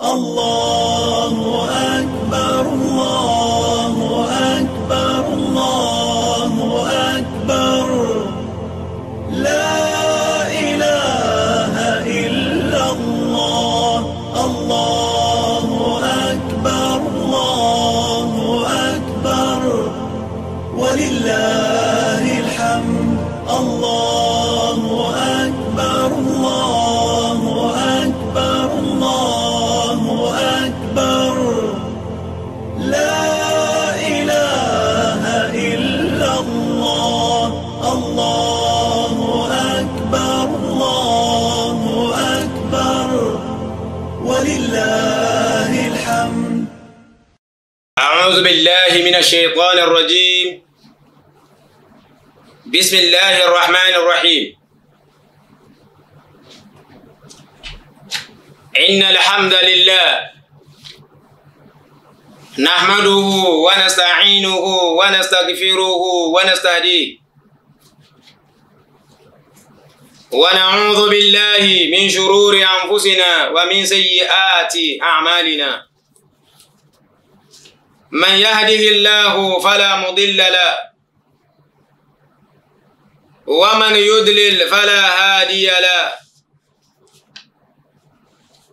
الله أكبر من الشيطان الرجيم بسم الله الرحمن الرحيم إن الحمد لله نحمده ونستعينه ونستغفره ونستهديه ونعوذ بالله من شرور أنفسنا ومن سيئات أعمالنا من يهده الله فلا مضل له ومن يدلل فلا هادي له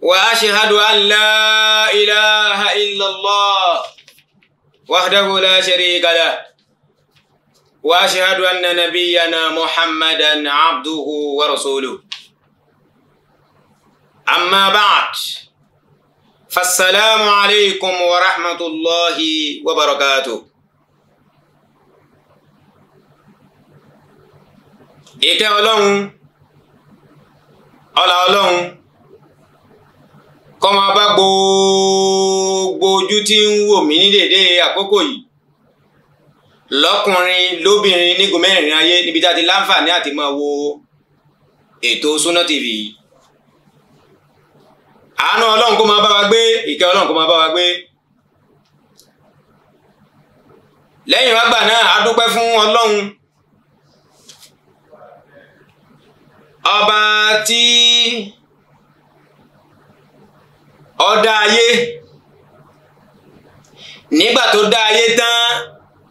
وأشهد أن لا إله إلا الله وحده لا شريك له وأشهد أن نبينا محمدا عبده ورسوله أما بعد فالسلام عليكم ورحمة الله وبركاته ìkẹ́ ọlọ́run ọlà ọlọ́run kó máa bá gbogbo ojú tí ń wò mí ní dédé àkókò yìí lọ́kùnrin lóbìnrin nígun mẹ́rin ayé níbi tá a ti àti máa wo ètò Sunna TV yìí àánú ọlọ́run kó máa bá wa gbé ìkẹ́ ọlọ́run kó máa bá wa gbé lẹ́yìn wá gbà náà a dúpẹ́ fún ọlọ́run ọba tí ó dá ayé nígbà tó dá ayé tán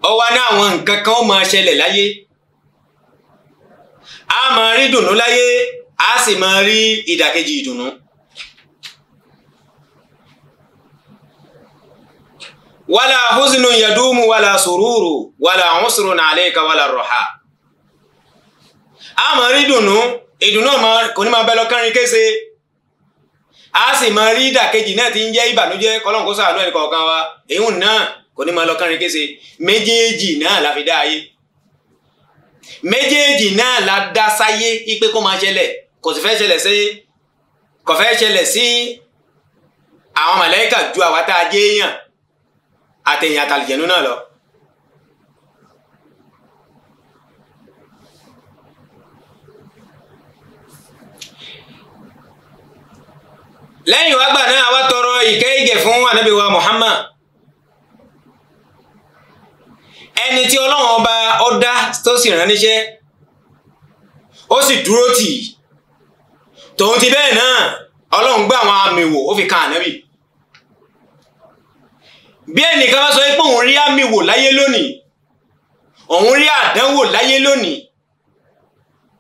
ó wá ní àwọn nǹkan kan ó máa ṣẹlẹ̀ láyé a máa rí dùnnú láyé a sì máa rí ìdàkejì ìdùnnú. wala huznun yadumu wala sururu wala usrun alayka wala raha a máa rí dùnú ìdùnú kò ní máa bẹ lọ́kànrin kése a sì máa rí ìdàkejì náà ti ń jẹ́ ìbànújẹ́ kọ́lọ́n kó sàánú ẹnì kọ̀ọ̀kan wa èyún náà kò ní máa lọ́kànrin kése méjèèjì náà la fi dá ayé la dá sáyé ipe kó máa ṣẹlẹ̀ kò sì fẹ́ ṣẹlẹ̀ sí kò fẹ́ ṣẹlẹ̀ sí àwọn màláíkà ju àwa tá a àtẹ̀yìn àtàlìjẹ̀nu náà lọ. lẹ́yìn wá gbà náà wá tọrọ ìkẹ́ ìgẹ̀ fún ànábì wa Muhammad ẹni tí ọlọ́run ọba ọ̀dá tó sì rán níṣẹ́ ó sì dúró tì tòun ti bẹ́ẹ̀ náà ọlọ́run gbà àwọn àmì wò ó fi kan ànábì bí ẹnìkan bá sọ pé òun rí àmì wò láyé lónìí òun rí àdánwò láyé lónìí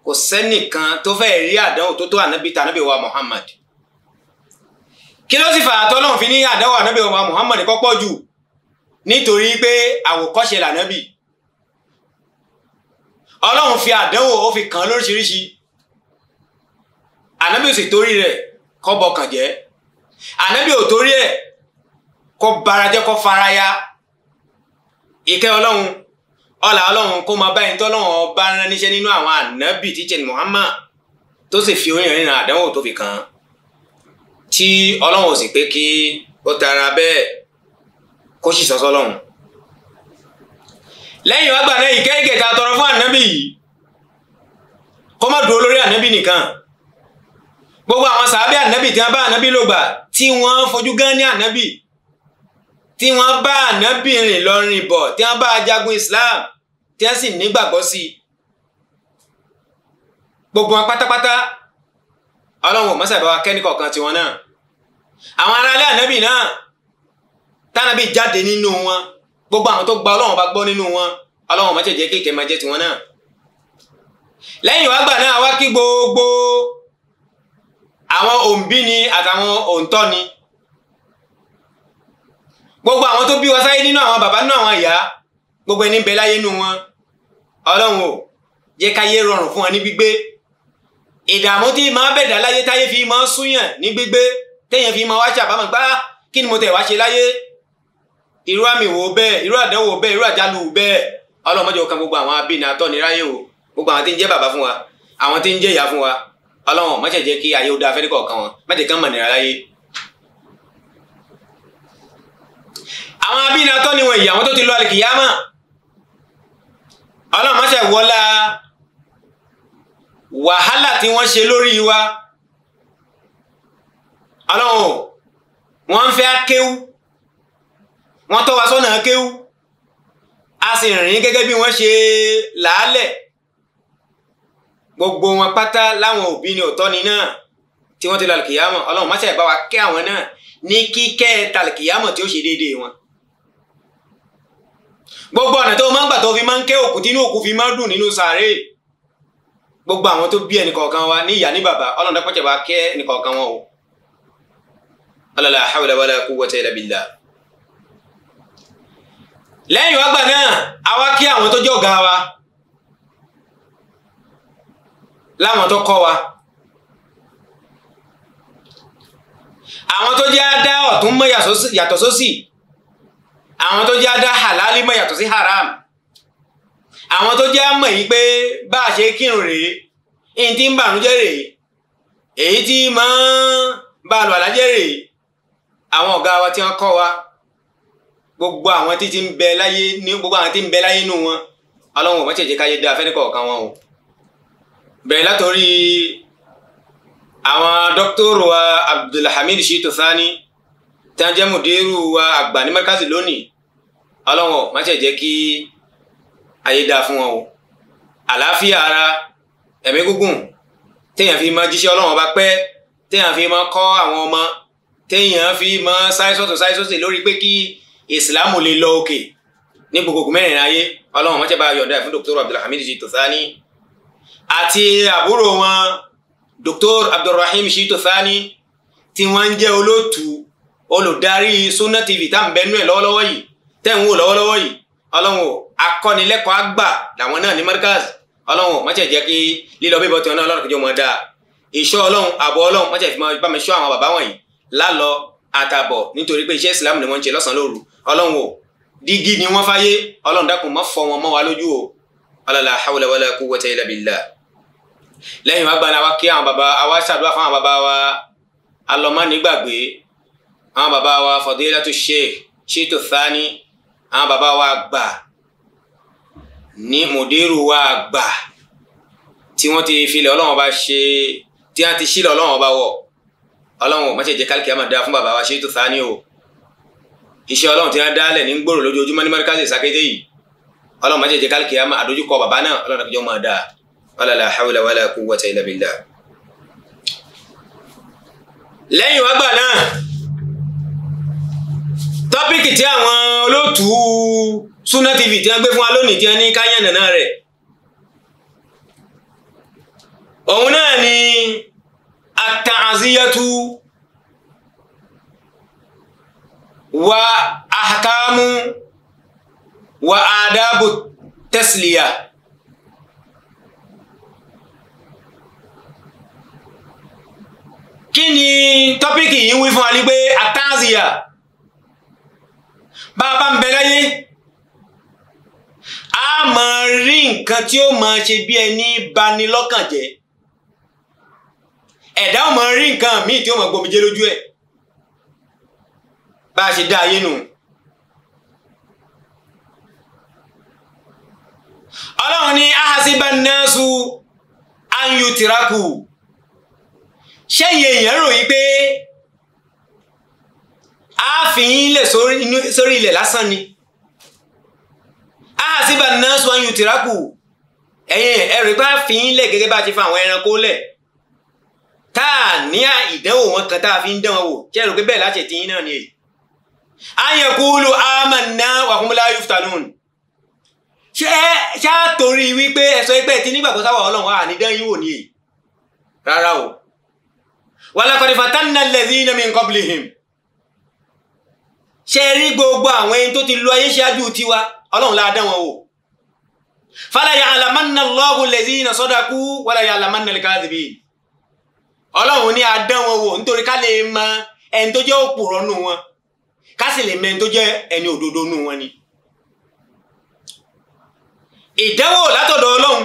kò sẹ́nìkan tó fẹ́ rí àdánwò tó tó ànábì tá wa Muhammad kí ló sì fà á tọ́lọ́run fi ní àdánwò ànábì wa Muhammad kọ́pọ̀ jù nítorí pé àwòkọ́ṣe lànábì ọlọ́run fi àdánwò ó fi kàn lóríṣiríṣi ànábì ò sì torí rẹ̀ kọ́bọ̀ kàn jẹ́ ànábì ò torí ẹ̀ kó barajẹ́ kó faraya ìkẹ́ ọlọ́run ọlà ọlọ́run kó máa bá ẹni tó ọlọ́run ọba rán níṣẹ́ nínú àwọn ànábì tíṣẹ́ ni Muhammad tó sì fi oyin rìnrìn àdánwò tó fi kàn án tí ọlọ́run ò sì pé kí ó tara bẹ́ẹ̀ kó sì sọ́sọ́ lọ́hùn. lẹ́yìn wá gbà náà ìkẹ́ ìkẹta tọrọ fún ànábì yìí kó má dúró lórí ànábì nìkan gbogbo àwọn sàábẹ́ ànábì tí wọ́n bá ànábì lògbà tí wọ́n fojú gán ní ànábì tí wọ́n bá ànábìnrin lọ́rìn bọ̀ tí wọ́n bá ajagun Islam tí wọ́n sì nígbàgbọ́ sí i gbogbo wọn pátápátá ọlọ́run ọ̀mọ́sà ìbáwá kẹ́nìkọ̀ọ̀kan tiwọn náà àwọn aráalé ànábì náà tánàbì jáde nínú wọn gbogbo àwọn tó gba ọlọ́run bá gbọ́ nínú wọn ọlọ́run ọ̀mọ́sà jẹ́ kí ìkẹ́ máa jẹ́ tiwọn náà lẹ́yìn wàá gbà náà wá kí gbogbo àwọn òǹbí ni àtàwọn òǹtọ́ ni gbogbo àwọn tó bí wa sáyé nínú àwọn bàbá nínú àwọn ìyá gbogbo ẹni bẹ láyé nínú wọn ọlọ́run o jẹ́ káyé rọrùn fún wọn ní gbígbé ìdààmú tí máa bẹ̀dà láyé táyé fi máa súyàn ní gbígbé téèyàn fi máa wá ṣàbámọ̀ gbá ah, kí ni mo tẹ̀ wá ṣe láyé irú àmì wo bẹ́ẹ̀ irú àdánwò bẹ́ẹ̀ irú àjálù bẹ́ẹ̀ ọlọ́run mọ́jọ́ kan gbogbo àwọn abínà atọ́niráyè o gbogbo àwọn tí ń jẹ́ bàbá fún wa àwọn tí ń jẹ́ ìyá fún wa ọlọ́run má kí ayé ó dáa fẹ́ẹ́ wọn má jẹ́ láyé àwọn abínà tọ́ ni wọ̀nyí àwọn tó ti lọ àlìkìyámà ọlọ́run má ṣe wọlá wàhálà tí wọ́n ṣe lórí wa ọlọ́run wọ́n ń fẹ́ kéwú wọ́n tọ́ wa sọ́nà kéwú a sì rìn gẹ́gẹ́ bí wọ́n ṣe làálẹ̀ gbogbo wọn pátá láwọn òbí ni òtọ́ ni náà tí wọ́n ti lọ àlìkìyámà ọlọ́run má ṣe bá wa kẹ́ àwọn náà ní kíkẹ́ tàlìkìyámà tí ó ṣe déédéé wọn gbogbo ọ̀nà tó máa ń gbà tó fi máa ń ké òkú tí inú òkú fi máa ń dùn nínú sàárè gbogbo àwọn tó bí ẹnìkọ̀ọ̀kan wa ní ìyá ní bàbá ọlọ́run dápọ̀jẹ̀ bá kẹ́ ẹnìkọ̀ọ̀kan wọn o alala hawla wala quwwata illa billah lẹ́yìn wá gbà náà àwa kí àwọn tó jẹ́ ọ̀gá wa láwọn tó kọ́ wa àwọn tó jẹ́ adá ọ̀tún mọ́ yàtọ̀ sósì. So, àwọn tó jẹ́ adá halali mọ̀ yàtọ̀ sí haram àwọn tó jẹ́ mọ̀ yìí pé bá a ṣe kírun rèé èyí tí ń bànújẹ́ rèé èyí tí máa ń bá a lọ àlájẹ́ rèé àwọn ọ̀gá wa tí wọ́n kọ́ wa gbogbo àwọn tí ti ń bẹ láyé ní gbogbo àwọn tí ń bẹ láyé nù wọn ọlọ́run ọ̀mọ́ tẹ̀jẹ̀ káyé dáa fẹ́ni kọ̀ọ̀kan wọn o bẹ̀rẹ̀ látọ̀rí àwọn dókítà wa Abdulhamid Shitu Sani tí wọ́n wa àgbà ní mẹ́kàsì lónìí ọlọ́wọ̀n má ṣe jẹ́ kí ayé dáa fún wọn o àlàáfíà ara ẹ̀mí gígùn téèyàn fi máa jíṣẹ́ ọlọ́wọ̀n bá pẹ́ téèyàn fi máa kọ́ àwọn ọmọ téèyàn fi máa ṣáìsọ̀tò ṣáìsọ̀tò lórí pé kí ìsìlámù lè lọ òkè ní gbogbo mẹ́rin ayé ọlọ́wọ̀n má ṣe yọ̀ǹda fún Dr. Abdulhamid Shittu Thani àti àbúrò wọn Dr. Abdulrahim Shittu Thani tí wọ́n ń jẹ́ olóòtú olùdarí Sunna TV tá à ń bẹnu ẹ̀ lọ́wọ́lọ́wọ́ yìí tẹ̀ ń wò lọ́wọ́lọ́wọ́ yìí ọlọ́run o akọ́nilẹ́kọ̀ọ́ àgbà làwọn náà ní Markaz ọlọ́run o má ṣe jẹ́ kí lílọ bíbọ̀ tiwọn náà ọlọ́run kìjọ mọ̀ dáa ìṣọ́ ọlọ́run àbọ̀ ọlọ́run má fi máa bá mi àwọn bàbá wọ̀nyí lálọ àtàbọ̀ nítorí pé iṣẹ́ ìsìlámù ni wọ́n ń ṣe lọ́sàn-án lóru ọlọ́run o dígí ni wọ́n fáyé ọlọ́run dákun má fọ́ wọn mọ́ wa lójú o alala hawla wa alọ́mọ́ nígbàgbé àwọn bàbá wa fadilatu sheikh shitu thani àwọn bàbá wa gbà ní mùdírù wa gbà tí wọ́n ti filẹ̀ ọlọ́run ọba ṣe tí wọ́n ti sílẹ̀ ọlọ́run ọba wọ̀ ọlọ́run ò má ṣe jẹ́ kálíkì àmọ̀ dáa fún bàbá wa shitu thani o iṣẹ́ ọlọ́run tí wọ́n dálẹ̀ ní gbòòrò lójoojúmọ́ ní mọ́ríkàsì ìsàkété yìí ọlọ́run má ṣe jẹ́ kálíkì àmọ̀ àdójúkọ bàbá náà ọlọ́run àkójọ la hawla wala quwwata illa billah lẹ́yìn wá tọ́pìkì tí àwọn olóòtú Sunna TV tí wọ́n gbé fún wa lónìí tí wọ́n ní káyàn nàná rẹ̀ òun náà ni at-ta'ziyatu wa ahkamu wa adabu tasliya kí ni tọ́pìkì yìí wí fún wa ní pé at bàbá ń bẹ láyé a máa rí nǹkan tí ó máa ṣe bí ẹni bani lọ́kàn jẹ́ ẹ̀dá ò máa rí nǹkan míì tí ó máa gbomijé lójú ẹ̀ bá a ṣe dá ayé nù. ọlọ́run ní ahasiba nẹ́ẹ̀sù anyutiraku ṣé iye èèyàn ròyìn pé. a fi yín lẹ̀ sórí ilẹ̀ lásán ni a sì bá náà sọ yín tìrákù ẹ̀yìn ẹ̀rù pé a fi yín lẹ̀ gẹ́gẹ́ bá ti fa àwọn ẹranko lẹ̀ tá a ní ìdánwò wọn kan tá a fi ń dán wò ṣe rò pé láti ti yín náà ni èyí ayẹ̀kúlù amanna wàhùnmọ́lá yuftanun ṣé ṣá torí wípé ẹ̀sọ́ ẹgbẹ́ ti nígbàgbọ́ sáwọ́ ọlọ́run à dán yín wò ni èyí rárá o wàlàkọ̀dẹ̀fà tánà lẹ́sìn min qablihim ṣe rí gbogbo àwọn ẹni tó ti lo ayé ṣáájú tiwa ọlọ́run la dán wọn wò fala ya'lamanna Allahu allazina sadaqu wala ya'lamanna al-kadhibin ọlọ́run ní a dán wọn wò nítorí ká lè mọ ẹni tó jẹ́ òpùrọ́ nù wọn ká sì lè mọ ẹni tó jẹ́ ẹni òdodo nù wọn ni ìdánwò látọ̀dọ̀ ọlọ́run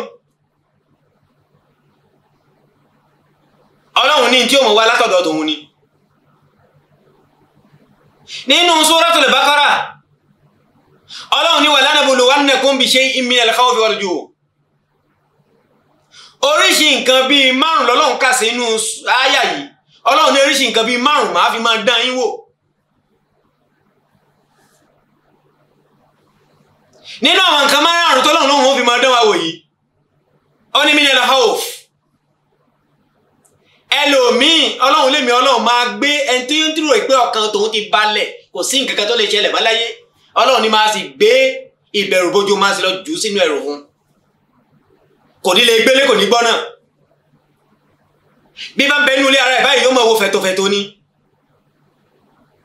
ọlọ́run ní tí ó mọ̀ wá látọ̀dọ̀ tòun ni nínú suratul Baqara ọlọ́run ní walanabluwannakum bi shay'in minal khawfi wal ju' oríṣi nǹkan bíi márùn lọ́lọ́run kà sí inú àyà yìí ọlọ́run ní oríṣi nǹkan bíi márùn máa fi máa dán yín wò nínú àwọn nǹkan márùn tọ́lọ́run lóhun fi máa dán wa wò yìí ó ní minal khawf ẹlòmíì ọlọ́run lèmi ọlọ́run máa gbé ẹni tí ń dúró pé ọkàn tòun ti balẹ̀ kò sí nǹkan kan tó lè ṣẹlẹ̀ báláyé ọlọ́run ni máa sì gbé ìbẹ̀rù bójú máa sì lọ jù ú sínú ẹ̀rù fún kò ní lè gbélé kò ní gbọ́ náà bí bá ń bẹ inú ilé ara ẹ̀ báyìí yóò máa wo fẹ̀tọ̀fẹ̀tọ̀ ni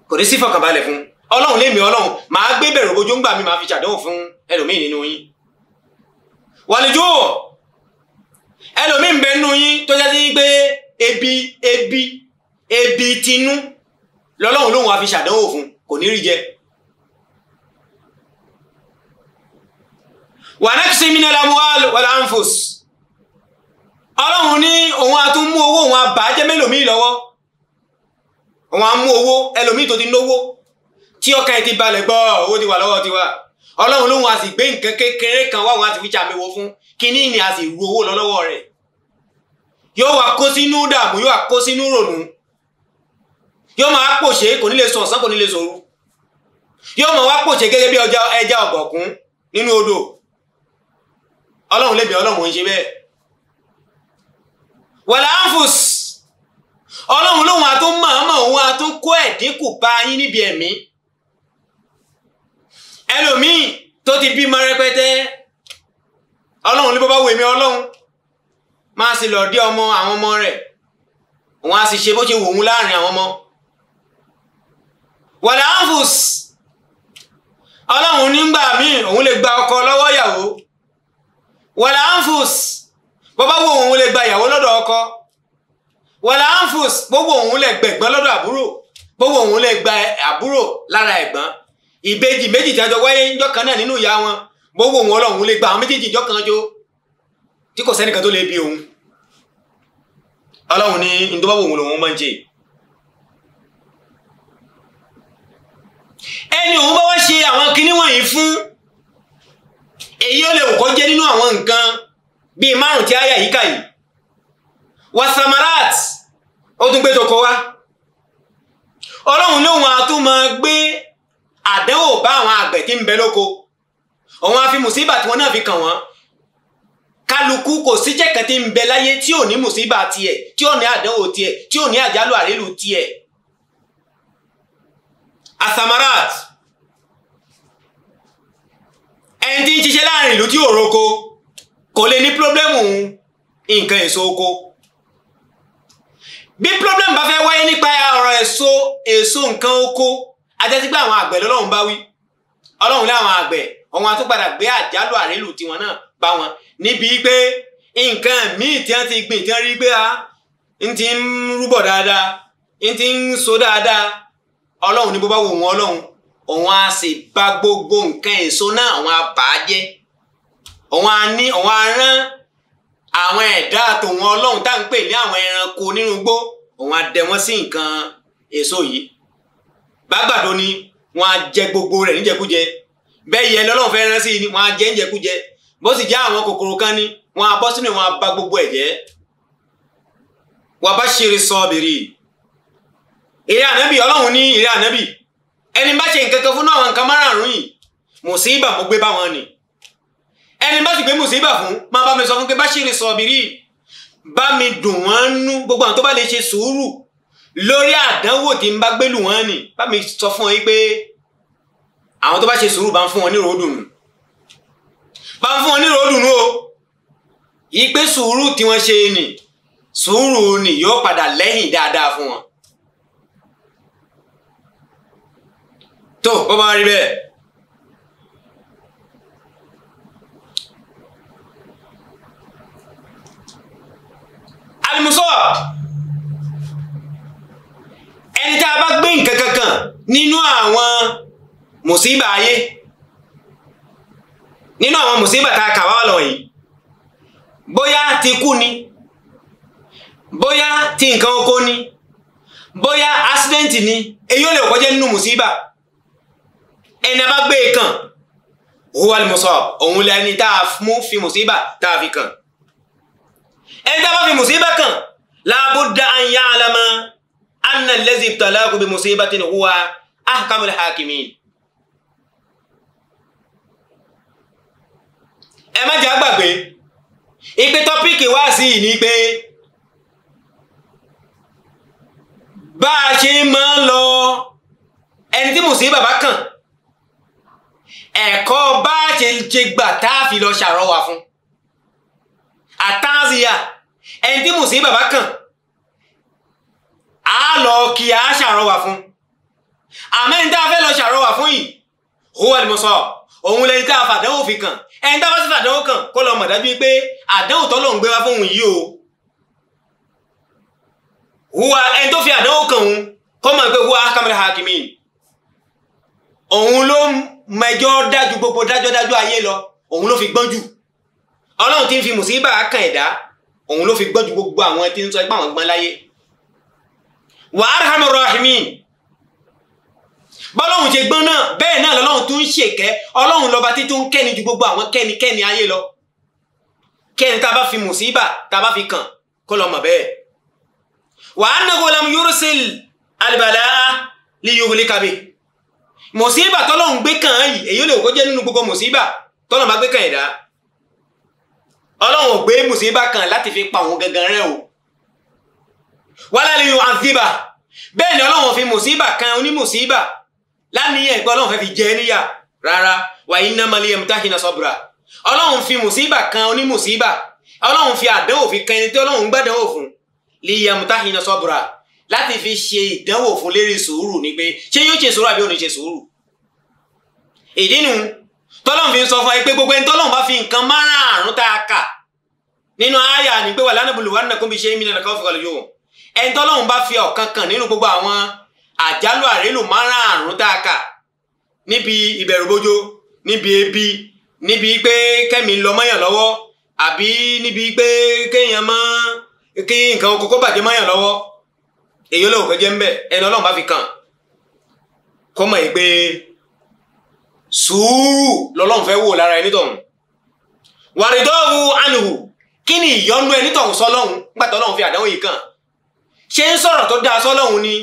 kò ní sí fọkànbalẹ̀ fún ọlọ́run lèmi ọlọ́run máa gbé bẹ̀rù bójú ńgbà mi máa fi ṣàdánwò fún ẹlòmíì nínú yín wàlejò ẹlòmíì ń bẹ inú yín tó jẹ́ sí pé ebi ebi ebi tinú lọ́lọ́run lòun á fi ṣàdánwò fún kò ní rí jẹ. wà náà ṣe mí nílẹ̀ muwal wàlá anfus ọlọ́run ní òun á tún mú owó òun á bà á jẹ́ mélòó míì lọ́wọ́ òun á mú owó ẹlòmíì tó ti náwó tí ọkàn ẹ ti balẹ̀ gbọ́ owó ti wà lọ́wọ́ ti wà ọlọ́run lòun á sì gbé nǹkan kékeré kan wá òun á sì fi ṣàmìwò fún kínní ni a sì ru owó lọ lọ́wọ́ rẹ̀ yóò wá kó sínú dààmú yóò wá kó sínú rònú yóò máa pòṣe kò ní lè sùn ọ̀sán kò ní lè sòru yóò máa wá pòṣe gẹ́gẹ́ bí ẹja ọ̀bọ̀kún nínú odò ọlọ́run lèmi ọlọ́run ń ṣe bẹ́ẹ̀ wàláńfùs ọlọ́run lòun àtún mọ̀ọ́mọ̀ òun àtún kó ẹ̀dínkù bá yín níbi ẹ̀mí ẹlòmíì tó ti bímọ rẹpẹtẹ ọlọ́run ní bó bá wù mí máa sì lọ dé ọmọ àwọn ọmọ rẹ̀ òun á sì ṣe bó ṣe wù ú láàrin àwọn ọmọ. wàlẹ̀ anfus ọlọ́run nígbà míì òun lè gba ọkọ lọ́wọ́ ìyàwó wàlẹ̀ anfus bọ́bá wo òun lè gba ìyàwó lọ́dọ̀ ọkọ wàlẹ̀ anfus gbogbo òun lè gbẹ̀gbọ́n lọ́dọ̀ àbúrò gbogbo òun lè gba àbúrò lára ẹ̀gbọ́n ìbejì méjì tí a jọ wáyé ńjọ́ kan náà nínú ìyá wọn gbogbo òun ọlọ́run lè gba àwọn méjèèjì ńjọ́ kan jọ tí kò sẹ́nìkan tó lè bí òun ọlọ́run ní ndọ́bàwò òun lòun máa ń jẹ ẹni òun bá wá ṣe àwọn kinní wọ̀nyí fún èyí ó lè wò kọ́ jẹ́ nínú àwọn nǹkan bíi márùn tí a yà yíká yìí wasamarat ó tún gbé tọkọ wá ọlọ́run lóun a gbé àdánwò bá àwọn àgbẹ̀ tí ń bẹ lóko òun a fi mùsíbà tí wọ́n náà fi kàn wọ́n kálukú kò síjẹ́ kan tí ń bẹ láyé tí ò ní mùsíbà tiẹ̀ tí ò ní àdánwò tiẹ̀ tí ò ní àjálù àrélù tiẹ̀. asamarat ẹni tí ń ṣiṣẹ́ láàrin ìlú tí ò roko kò lè ní pírọ́blẹ́mù nǹkan èso oko bí pírọ́blẹ́mù bá fẹ́ wáyé nípa ọ̀rọ̀ èso èso nǹkan oko ajásígbà àwọn àgbẹ̀ lọ́lọ́run bá wí ọlọ́run láwọn àgbẹ̀ ọ̀hún àtúpadà gbé àjálù àrélù tiwọn náà bá wọn níbi pé nǹkan míì tí wọ́n ti gbìn tí wọ́n rí pé a ń ti ń rúbọ̀ dáadáa ń ti ń so dáadáa ọlọ́run ní bó bá wò wọ́n ọlọ́run òun á sì bà gbogbo nǹkan èso náà àwọn àbájẹ́ òun á ní òun á rán àwọn ẹ̀dá àtòun ọlọ́run tá à ń pè ní àwọn ẹranko nínú igbó òun á dẹ wọ́n sí nǹkan èso yìí bàgbàdo ni wọ́n á jẹ gbogbo rẹ̀ níjẹkújẹ bẹ́ẹ̀ yẹ lọ́lọ́run fẹ́ rán sí ni wọ́n á jẹ níjẹkújẹ bó sì jẹ́ àwọn kòkòrò kan ni wọn abọ́ sínú wọn abá gbogbo ẹ̀ jẹ́ wà bá ṣeré sọ́ọ̀bìrì ìrẹ́ ànábì ọlọ́run ní ìrẹ́ ànábì ẹni bá ṣe nǹkan kan fún àwọn nǹkan márààrún yìí mùsíbà mo gbé báwọn ni ẹni bá sì gbé mùsíbà fún máa bá mi sọ fún pé bá ṣeré sọ́ọ̀bìrì bá mi dùn wọ́n nú gbogbo àwọn tó bá lè ṣe sùúrù lórí àdánwò tí n bá gbé lù wọ́n ni bá mi sọ fún ọ yìí pé àwọn tó bá ṣe sùúrù bá ń fún wọn ní ròódùn nù bá ń fún wọn nílò dùnú o yìí pé sùúrù tí wọ́n ṣe nì sùúrù nì yóò padà lẹ́yìn dáadáa fún wọn. tó bó bá rí bẹ́ẹ̀. alimuso ẹni tá a bá gbé nǹkan kankan nínú àwọn mùsíbà ayé nínú àwọn mùsíbà tá a kà wá lọ yìí bóyá ti kú ni bóyá ti nǹkan oko ni bóyá accident ni èyí ò lè kọjá nínú mùsíbà ẹni bá gbé e kàn huwa al-musab òun lẹni tá a mú fi mùsíbà tá a fi kàn ẹni tá a bá fi mùsíbà kàn la budda an ya'lama anna allazi ibtalahu bi musibatin huwa ahkamul hakimin. ẹ má jẹ́ àgbàgbé ìpè tọ́píìkì wá sí i ni pé bá a ṣe máa ń lọ ẹni tí mùsùlùmí bàbá kàn ẹ̀kọ́ bá a ṣe ṣe gbà tá a fi lọ ṣàrọwà fún àtàzíyà ẹni tí mùsùlùmí bàbá kàn á lọ kí a ṣàrọwà fún àmẹ́ni tá a fẹ́ lọ ṣàrọwà fún yìí huwa al-musab òun lẹni tá a fàdánwò fi kàn ẹni tá a bá sì fàdánwò kàn kó lọ mọ̀ dájú pé àdánwò tó lòun gbé wá fóun yìí o huwa ẹni tó fi àdánwò kàn òun kó mọ̀ pé huwa akamara hakimi òun ló mẹjọ dájú gbogbo dájọ́ dájú ayé lọ òun ló fi gbọ́n jù ọlọ́run ti ń fi mùsíbà kàn ẹ̀dá òun ló fi gbọ́n jù gbogbo àwọn tí ń sọ ẹgbẹ́ àwọn gbọ́n láyé wa arhamur rahimin bọ́lọ́hun ṣe gbọ́n náà bẹ́ẹ̀ náà lọ́lọ́hun tún ń ṣèkẹ́ ọlọ́hun lọ́ba tí tún ń kẹ́ni ju gbogbo àwọn kẹ́nikẹ́ni ayé lọ kẹ́ni tá a bá fi mùsíbà tá a bá fi kàn kó lọ mọ̀ bẹ́ẹ̀. wa annahu lam yursil al-balaa li yuhlika bi mùsíbà tọ́lọ́hun gbé kàn án yìí èyí ò lè kó jẹ́ nínú gbogbo mùsíbà tọ́lọ́hun bá gbé kàn ẹ̀dá ọlọ́hun ò gbé mùsíbà kàn láti fi pa òun gangan rẹ̀ o wala li yu'adhiba bẹ́ẹ̀ ni ọlọ́hun fi mùsíbà kàn onímùsíbà láníyàn ìpẹ́ ọlọ́run fẹ́ fi jẹ níyà rárá wà iná mọ́lẹ́ ẹ̀mú táhìnà sọ́bùrà ọlọ́run fi mùsíbà kan onímùsíbà ọlọ́run fi àdánwò fi kan ẹni tí ọlọ́run gbàdánwò fún líyẹ̀mú táhìnà sọ́bùrà láti fi ṣe ìdánwò fún lérí sùúrù ni pé ṣé yóò ṣe sùúrù àbí òní ṣe sùúrù ìdí nu tọ́lọ́run fi ń sọ fún ẹ pé gbogbo ẹni tọ́lọ́run bá fi nǹkan márààrún tá a kà nínú àyà ni pé wà lánàbùlù wà nínú kó bí ṣe é mí nínú kan fi kọ́ lójú ẹni tọ́lọ́run bá fi ọ̀kan kan nínú gbogbo àwọn àjálù àrélù márààrún tá a kà níbi ìbẹ̀rùbojo níbi ebi níbi pé kẹ́mi lọ mọ́yàn lọ́wọ́ àbí níbi pé kéèyàn mọ́ kí nǹkan kókó bàjẹ́ mọ́yàn lọ́wọ́ èyí olóhùn kan jẹ́ ń bẹ̀ ẹni ọlọ́run bá fi kàn kọ́ mọ̀ yìí pé sùúrù lọ́lọ́run fẹ́ wò lára ẹni tọ̀hún wàrídọ́ọ̀rù ànìhù kí ni ìyọnu ẹni tọ̀hún sọ́lọ́hún nígbà tọ́lọ́hún fi àdánwò yìí kàn ṣé ń sọ̀rọ̀ tó dáa sọ́lọ́hún ni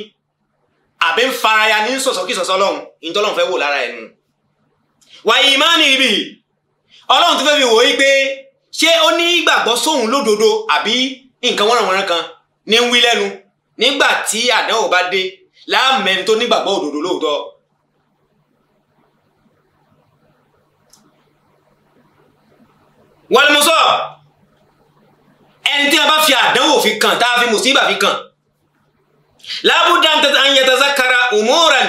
àbí ń faraya ní sọ̀sọ̀ kí sọ̀sọ̀ ọlọ́run ìtọ́lọ́run fẹ́ wò lára ẹ̀ nù. wàyí ìmánì ibì ọlọ́run tó fẹ́ fi wò ó pé ṣé ó ní ìgbàgbọ́ sóhun lódodo àbí nǹkan wọ́nrànwọ́nrán kan ní wí lẹ́nu nígbà tí àdánwò bá dé láàmẹ́ni tó nígbàgbọ́ òdodo lóòótọ́. wọ́n lè mú sọ ẹni tí wọ́n bá fi àdánwò fi kàn tá a fi mùsíbà fi kàn lábúdá an yatazakara umuran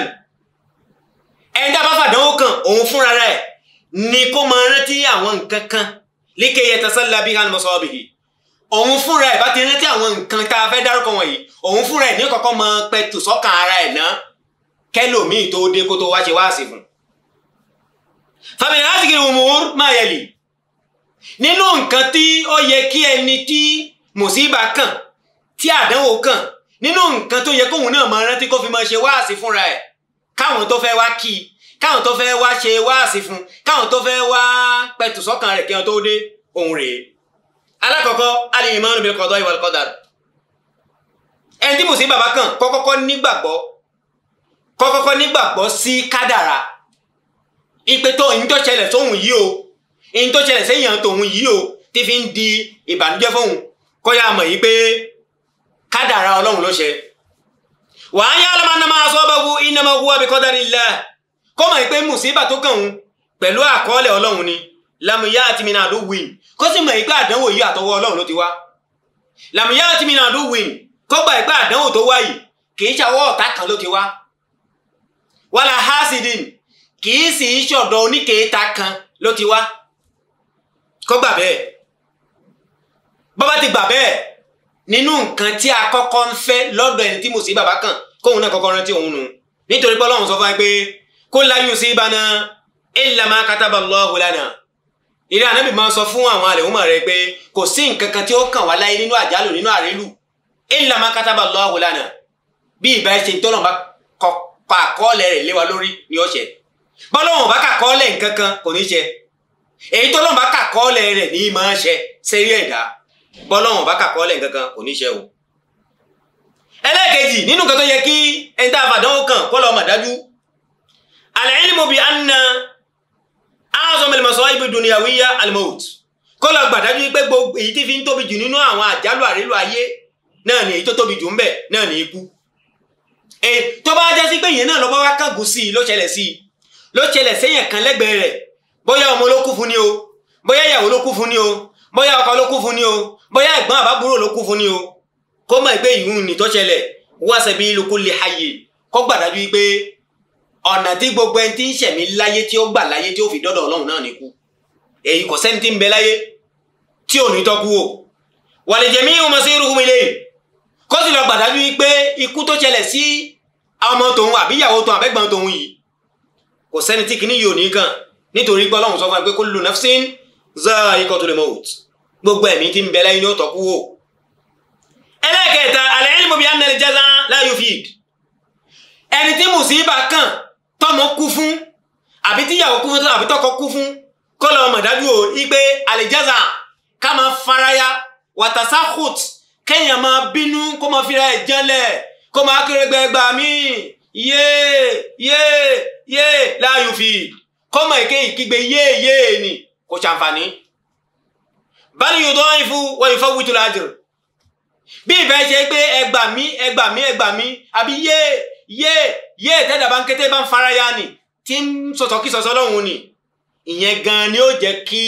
ẹni tá a bá fàdánwò kan òun fúnra rẹ̀ ni kó máa rántí àwọn nǹkan kan líkè yatasalla biha al-masabihi òun fúnra ẹ̀ bá ti rántí àwọn nǹkan tá a fẹ́ dárúkọ wọ̀nyí òun fúnra ẹ̀ ní kọ́kọ́ máa pẹ̀tù sọ́kàn ara ẹ̀ náà kẹlòmíì tó dé kó tó wá ṣe wáàsí fún fàmìlì láti umur máa yẹlì nínú nǹkan tí ó yẹ kí ẹni tí mùsíbà kàn tí àdánwò kàn nínú nǹkan tó yẹ kóun náà máa rántí kó fi máa ṣe wáàsí fúnra ẹ̀ káwọn tó fẹ́ wá kí i káwọn tó fẹ́ wá ṣe wáàsí fún káwọn tó fẹ́ wá pẹ̀tù sọ́kàn rẹ̀ kí wọn tó dé òun rèé alákọ̀ọ́kọ́ al-imanu bil qada'i wal qadar ẹni tí mùsùlùmí bàbá kàn kọ́kọ́kọ́ nígbàgbọ́ kọ́kọ́kọ́ nígbàgbọ́ sí kádàrà ìpè tó ìyìn tó ṣẹlẹ̀ sóhun yìí o ìyìn tó ṣẹlẹ̀ séyìn tòun yìí o ti fi ń di ìbànújẹ́ fóun kọ́yà mọ̀ yìí pé kádàrá ọlọ́run ló ṣe wà á yá lọ́mọ anamọ́ asọ́bọ̀wò innama huwa bi qadarillah kó mọ̀ pé mùsíbà tó kàn ń pẹ̀lú àkọọ́lẹ̀ ọlọ́run ni lamuya àti mina ló win kó sì mọ̀ pé àdánwò yìí àtọwọ́ ọlọ́run ló ti wá lamuya àti mina ló win kó gbà pé àdánwò tó wá yìí kì í ṣàwọ́ ọ̀tá kan ló ti wá wàlà hasidin kì í sì í ṣọ̀dọ̀ oníkèéta kan ló ti wá kó gbà bẹ́ẹ̀ bọ́bá ti gbà bẹ́ẹ̀ nínú nǹkan tí a kọ́kọ́ ń fẹ́ lọ́dọ̀ ẹni tí mùsíbà bá kàn kóun náà kọ́kọ́ rántí òun nù nítorí pé ọlọ́run sọ fún wa pé kó la yusibana illa ma kataba Allahu lana ilé anábì máa sọ fún àwọn àlèhùnmọ̀ rẹ pé kò sí nǹkan kan tí ó kàn wá láyé nínú àjálù nínú àrélù illa ma kataba Allahu lana bí ìbá ṣe tọ́lọ̀ bá kọ àkọọ́lẹ̀ rẹ̀ lé wa lórí ni ó ṣe bọ́lọ́run bá kàkọọ́lẹ̀ nǹkan kan kò ní ṣe èyí tọ́lọ̀ bá kàkọọ́lẹ̀ rẹ̀ ní í máa ṣe ṣe rí ẹ̀dá bọ́lọ́wọ̀n bá kàkọ́ọ́lẹ̀ nǹkankan kò ní ṣe o ẹlẹ́ẹ̀kejì nínú nǹkan tó yẹ kí ẹni tá a fàdánwò kàn kọ́ lọ́ọ́ dájú al bi anna a'zama al-masa'ib ad-dunyawiyya al-maut kọ́ lọ́ọ́ gbàdájú pé gbogbo èyí tí fi ń tóbi jù nínú àwọn àjálù àrélù ayé náà ni èyí tó tóbi jù ń bẹ náà ni ikú e tó bá jẹ́ sí pé ìyẹn náà lọ́wọ́ wá kàgùn sí i ló ṣẹlẹ̀ sí i ló ṣẹlẹ̀ séèyàn kan lẹ́gbẹ̀ẹ́ rẹ̀ bóyá ọmọ ló fún ni o bóyá ìyàwó ló kú fún ni o bóyá ọkọ ló kú fún ni o bóyá ẹ̀gbọ́n àbábúrò ló kú fún ni o kó mọ̀ pé ìhun ni tó ṣẹlẹ̀ wá sẹ́bi lóko lè hayè kó gbàdájú pé ọ̀nà tí gbogbo ẹni tí ń ṣẹ̀mí láyé tí ó gbà láyé tí ó fi dọ́dọ̀ ọlọ́run náà ní èyí kò sẹ́ni tí ń bẹ láyé tí ò ní tọ́kú o wàlẹ̀jẹ̀mí masiruhum ilayhi kó sì lọ gbàdájú pé ikú tó ṣẹlẹ̀ sí ọmọ tòun àbíyàwó tòun àbẹ́gbọ́n tòun yìí kò sẹ́ni tí kìíní yìí ò ní kàn nítorí pé ọlọ́run sọ fún wa pé kullu nafsin za'iqatul maut gbogbo ẹ̀mí tí ń bẹ lẹ́yìn yóò tọ́kú wò ẹlẹ́ẹ̀kẹta al-ilmu bi anna al-jazaa la yufid ẹni tí mùsíbà kàn tọmọ kú fún àbí tíyàwó kú fún àbí tọkọ kú fún kọlọ ọmọ dájú o ipe al-jaza ká máa faraya watasahut kẹ́yìn máa bínú kó máa fira ẹ̀ jẹ́lẹ̀ kó máa kéré gbẹgbà míì yéé yéé yéé la yufid kọ́mọ èké ìkígbe yéé yéé ni kò ṣàǹfààní bal yudaifu wa yufawwitu al-ajr bí ìfẹ́ ṣe pé ẹgbà mi ẹgbà mí ẹgbà mí àbí yé yé yé tẹ́lẹ̀ bá ń kété bá ń faraya ni tí ń sọ̀tọ̀ kí sọ̀tọ̀ lọ́hùn ni ìyẹn gan ni ó jẹ́ kí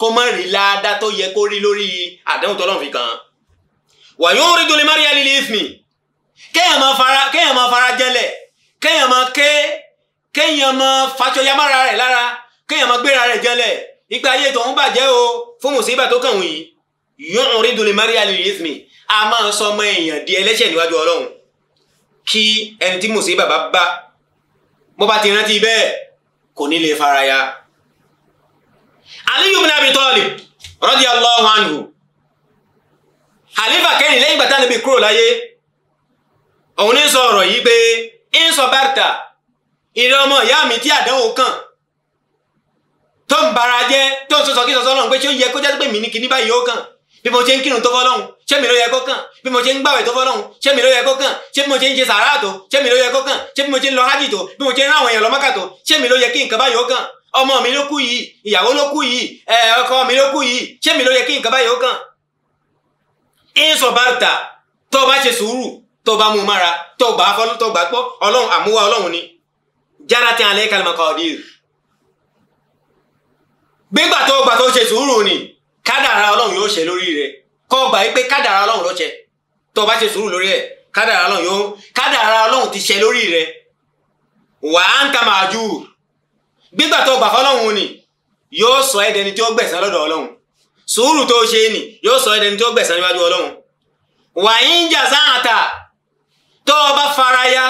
kó má rí láadá tó yẹ kó rí lórí àdéhùn tọ́lọ́hùn fi kàn án. wa yuridu li mari alili ifmi kéèyàn máa fara kéèyàn máa fara jẹlẹ̀ kéèyàn máa ké kéèyàn máa fàṣọyámára rẹ̀ lára kéèyàn máa gbéra rẹ̀ jẹlẹ̀ ìgbà ayé tòun bàjẹ́ o fún mùsíbà tó kàn wọ̀nyí yóò ń rí dole maria lilismi a máa sọ ọmọ èèyàn di ẹlẹ́ṣẹ̀ níwájú ọlọ́run kí ẹni tí mùsíbà bá bá bó bá ti rántí bẹ́ẹ̀ kò ní lè faraya. aliyu bin abi talib radiyallahu anhu àlífà kẹ́yìn lẹ́yìn gbàtà níbi kúrò láyé òun ní sọ ọ̀rọ̀ yìí pé ń sọ bàtà ìrẹ́ ọmọ ìyá mi tí àdánwò kàn tó ń bara jẹ́ tó ń sọ sọkí sọsọ lọ́hùn pé ṣé ó yẹ kó jẹ́ pé mi ní kinní báyìí ó kàn bí mo ṣe ń kírun tó fọ́lọ́hùn ṣé mi ló yẹ kó kàn bí mo ṣe ń gbàwẹ̀ tó fọ́lọ́hùn ṣé mi ló yẹ kó kàn ṣé bí mo ṣe ń ṣe sàárà tó ṣé mi ló yẹ kó kàn ṣé bí mo ṣe ń lọ hajj tó bí mo ṣe ń rán àwọn èèyàn lọ tó ṣé mi ló yẹ kí nǹkan báyìí ó kàn ọmọ mi ló kú yìí ìyàwó ló kú yìí ọkọ mi ló kú yìí ṣé mi ló yẹ kí nǹkan báyìí ó kàn. ìsọ bàtà tó o bá ṣe sùúrù tó o bá mú mára tó o gbà á fọ́ tó o gbà á pọ́ ọlọ́run àmúwá ọlọ́run ni jára tí a lè kálí ọ̀dí rẹ̀ gbígbà tó gbà tó ṣe sùúrù ni kádàrá ọlọ́run yóò ṣe lórí rẹ kọ́ gbà yí pé kádàrá ọlọ́run ló ṣe tó o bá ṣe sùúrù lórí ẹ̀ kádàrá ọlọ́run yóò kádàrá ọlọ́run ti ṣe lórí rẹ wà á ń ta màájú gbígbà tó gbà fọlọ́run ni yóò sọ ẹ́ dẹni tí ó gbẹ̀san lọ́dọ̀ ọlọ́run sùúrù tó ṣe ni yóò sọ ẹ́ dẹni tí ó gbẹ̀san níwájú ọlọ́run wà ń jà sáàtà tó o bá faraya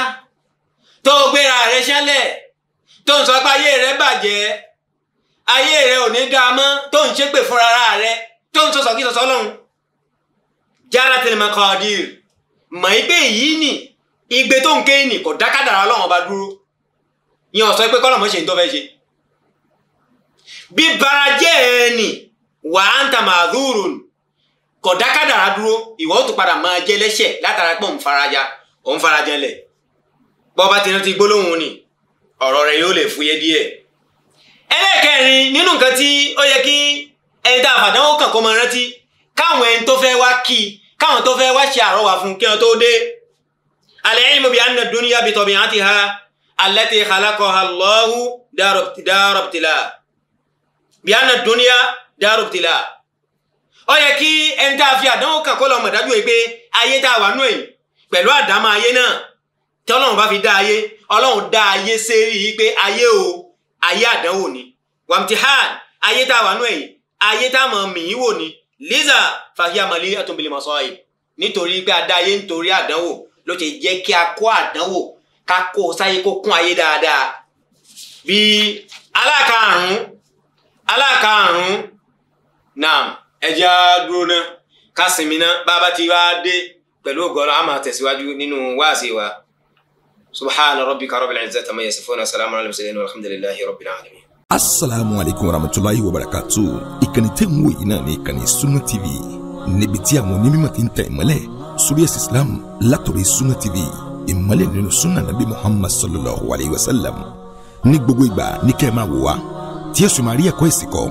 tó o gbéra rẹ ṣẹlẹ̀ tó ń sọ pé ayé rẹ bàjẹ́ ayé rẹ ò ní dáa mọ́ tó ń ṣépè fúnra rẹ tó ń sọsọ kí sọsọ ọlọ́run jára tẹlẹ máa kọ́ ọdí rẹ mọ̀ ìgbé yìí nì ìgbé tó ń ké nì kò dákàdàrà ọlọ́run ọba dúró yẹn ọ̀sọ́ pé kọ́lọ̀ mọ́ ṣe ń tó ṣe bí barajẹ́ ẹ nì wà á ń ta màdúrù kò dákàdàrà dúró ìwọ tó padà máa jẹ lẹ́sẹ̀ látara pọ̀ ń faraja ò ń faraja lẹ̀ bọ́ bá ti rántí gbólóhùn ni ọ̀rọ̀ rẹ yóò lè fúyẹ́ díẹ̀ ẹlẹ́ẹ̀kẹrin nínú nǹkan tí ó yẹ kí ẹni tá a fàdánwò kàn kó máa rántí káwọn ẹni tó fẹ́ wá kí i káwọn tó fẹ́ wá ṣe àrọwà fún kí wọn tó dé al-ilmu bi anna ad-dunya bi tabi'atiha allati khalaqaha Allahu daru ibtila bi anna ad-dunya daru ibtila ó yẹ kí ẹni tá a fi àdánwò kàn kó lọ mọ̀ dájú pé ayé tá a wà nù ẹ̀ pẹ̀lú àdámọ̀ ayé náà tí ọlọ́run bá fi dá ayé ọlọ́run dá ayé sérí pé ayé o ayé àdánwò ni wàmtíhàn ayé tá a wà nú ẹ̀ ayé tá a mọ̀ mìín wò ni liza fàhíà màlíyà tó ń bilẹ̀ mọ̀sọ́ yìí nítorí pé adá ayé nítorí àdánwò ló ti jẹ́ kí a kó àdánwò ká kó sáyé kó kún ayé dáadáa bí alákarùn alákarùn náà ẹja dúró náà ká bá bá ti wá dé pẹ̀lú ògọ́rọ̀ a máa tẹ̀síwájú nínú wáàsí wa subhana rabbika rabbil izzati amma yasifun على salamun والحمد لله رب العالمين alamin. asalaamualeykum warahmatulahi wabarakatu ìkànnì tẹ́ ń wò yìí náà ní ìkànnì Sunna TV níbi tí àwọn onímọ̀ ti ń tẹ̀ ìmọ́lẹ̀ suriyas islam látọ̀rẹ́ Sunna TV ìmọ́lẹ̀ nínú sunna nabi muhammad sallallahu alayhi wa sallam ní gbogbo ìgbà ní kẹ́ ẹ̀ máa wò wá tí ẹ̀ sùn máa rí ẹ̀kọ́ ìsìnkọ́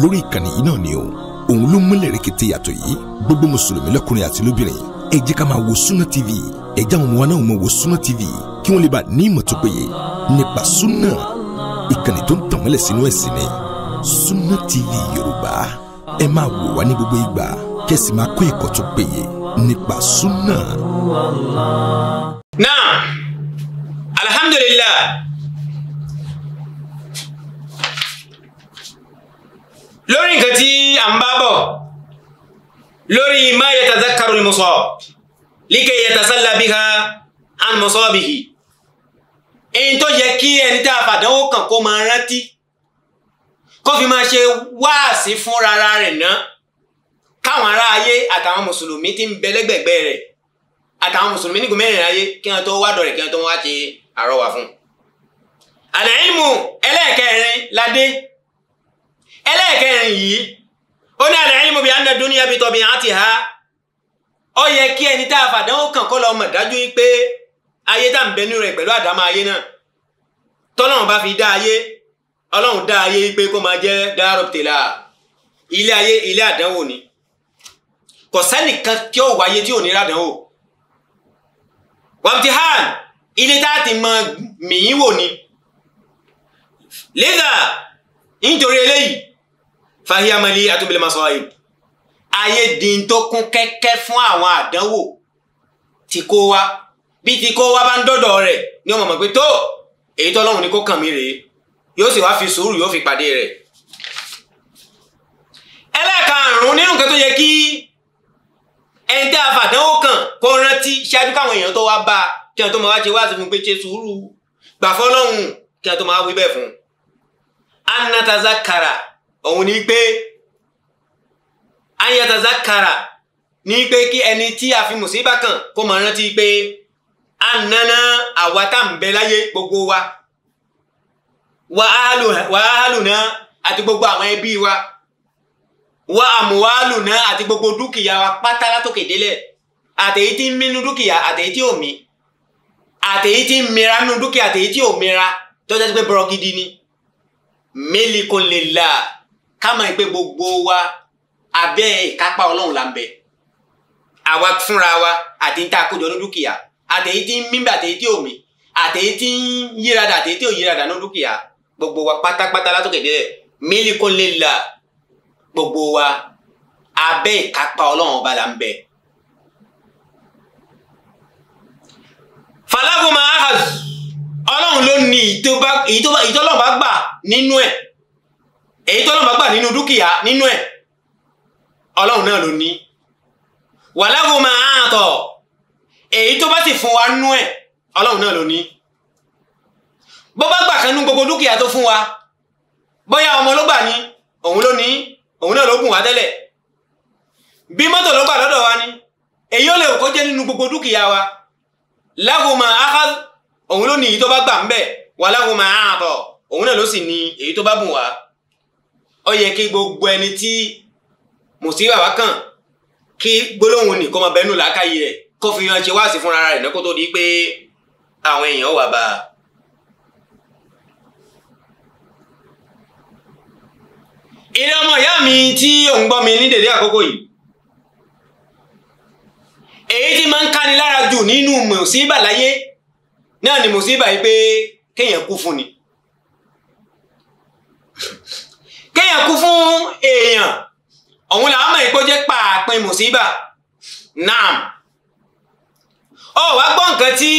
lórí ìkànnì yìí náà ni o òun ló múlẹ̀ rẹ̀kẹ̀tẹ̀ yàtọ̀ yìí gbogbo mùsùlùmí lọ́kùnrin àti lóbìnrin ẹ jẹ́ ká máa wo Sunna TV ẹ jẹ́ àwọn ọmọ wa wo Sunna TV kí wọ́n lè bá ní ìmọ̀ tó péye nípa Sunna ìkànnì tó ń tàn sínú ẹ̀sìn ni Sunna TV Yorùbá ẹ máa wò wá ní gbogbo ìgbà kẹ́sì máa kó ẹ̀kọ́ tó péye nípa Sunna. náà alhamdulilayi lórí nǹkan tí à ń bá bọ̀ lórí ma yatadhakkaru al-musab likay yatasalla biha an musabihi èyí tó yẹ kí ẹni tá a fàdánwò kàn kó máa rántí kó fi máa ṣe wáàsí fún rárá rẹ̀ ná káwọn ará ayé àtàwọn mùsùlùmí ti ń bẹ lẹ́gbẹ̀gbẹ́ rẹ̀ àtàwọn mùsùlùmí nígun mẹ́rin ayé kí wọ́n tó wá dọ̀rẹ̀ kí wọ́n tó wá ṣe àrọwà fún un. ìmù ẹlẹ́ẹ̀kẹrin ládé ẹlẹ́ẹ̀kẹrin yìí ó ní àlẹ́ ẹ̀yìn mo bí àná dúnìyà bí tọ́bi àti ha ó yẹ kí ẹni tá a fàdánwò kàn kọ́ lọ mọ̀ dájú yín pé ayé tá à ń bẹ nínú rẹ̀ pẹ̀lú àdámọ́ ayé náà tọ́lọ́run bá fi dá ayé ọlọ́run dá ayé yí pé kó máa jẹ́ dárọ̀tẹ̀lá ilé ayé ilé àdánwò ni kò sẹ́nìkan tí ó wáyé tí ò ní ràdánwò wàmtíhàn ilé tá a ti mọ mìín wò ni lẹ́dà nítorí eléyìí Fahia mali atubili masoayi ayé dín tó kún kẹ́kẹ́ fún àwọn àdánwò tí kó wá bí tí kó wá bá ń dọ́dọ̀ rẹ̀ ni ọmọ mọ̀ pé tó èyí tó lọ́hùn ni kó kàn mí rèé yóò sì wá fi sùúrù yóò fi pàdé rẹ̀ ẹlẹ́ẹ̀karùn-ún nínú nǹkan tó yẹ kí ẹni tí a fàdánwò kàn kó rántí ṣáájú káwọn èèyàn tó wá bá a kí wọn tó máa wá ṣe wáàsí fún pé ṣe sùúrù gbà kí wọn tó máa wí bẹ́ẹ̀ fún un anatazakara òun ni pé ayataza kara ní pé kí ẹni tí a fi mùsíbà kàn kó máa rántí pé a nana àwa tá ń bẹ láyé gbogbo wa wàhálù náà àti gbogbo àwọn ẹbí wa wa àmúwálù náà àti gbogbo dúkìá wa pátá látòkè délẹ̀ àtẹ̀yí tí ń mínú dúkìá àtẹ̀yí tí ò mí àtẹ̀yí tí ń mira nínú dúkìá àtẹ̀yí tí ò mira tó jẹ́ pé bọ́rọ̀ gidi ni mílíkùn lè là Kama mọ̀ pé gbogbo wa abẹ́ ìkápá ọlọ́run là ń bẹ àwa fúnra wa àti ní tá a kójọ ní dúkìá àtẹ̀yí tí ń mímbà àtẹ̀yí tí ò mí tí ń yíradà àtẹ̀yí tí ò yíradà ní dúkìá gbogbo wa pátápátá látòkè délẹ̀ mílíkùn lélà gbogbo wa abẹ́ ìkápá ọlọ́run ọba là ń bẹ. falágùnmá ahaz ọlọ́run ló ní ìtọ́lọ́ba gbà nínú ẹ̀ èyí tọ́lọ́ bá gbà nínú dúkìá nínú ẹ̀ ọlọ́run náà ló ní wàláwo máa hàn tọ̀ èyí tó bá sì fún wa nú ẹ̀ ọlọ́run náà ló ní bó bá gbà kan nú gbogbo dúkìá tó fún wa bóyá ọmọ ló gbà ní òun ló ní òun náà ló gùn wá tẹ́lẹ̀ bí mọ́tò ló gbà lọ́dọ̀ wa ní èyí ó lè kó jẹ́ nínú gbogbo dúkìá wa láwo máa áhàd òun ló ní èyí tó bá gbà ń bẹ̀ wàláwo máa hàn òun náà ló sì ní èyí tó bá bùn wá. ó yẹ kí gbogbo ẹni tí mùsíbà bàbá kàn kí gbólóhùn nìkan máa bẹnu làákàyè rẹ̀ kó fi hàn ṣe sí fúnra rẹ̀ ní tó di pé àwọn èèyàn wà bá a. ilé ọmọ ìyá mi tí òun gbọ́ mi ní dèdé àkókò yìí èyí tí máa ń káni jù nínú mùsíbà láyé náà ni mùsíbà yìí pé kéèyàn kú fún ni. kéèyàn kú fún èèyàn òun làwọn mọ̀ ìpọ́jẹ́ pàápín mùsíbà naam ọ wá gbọ́ nǹkan tí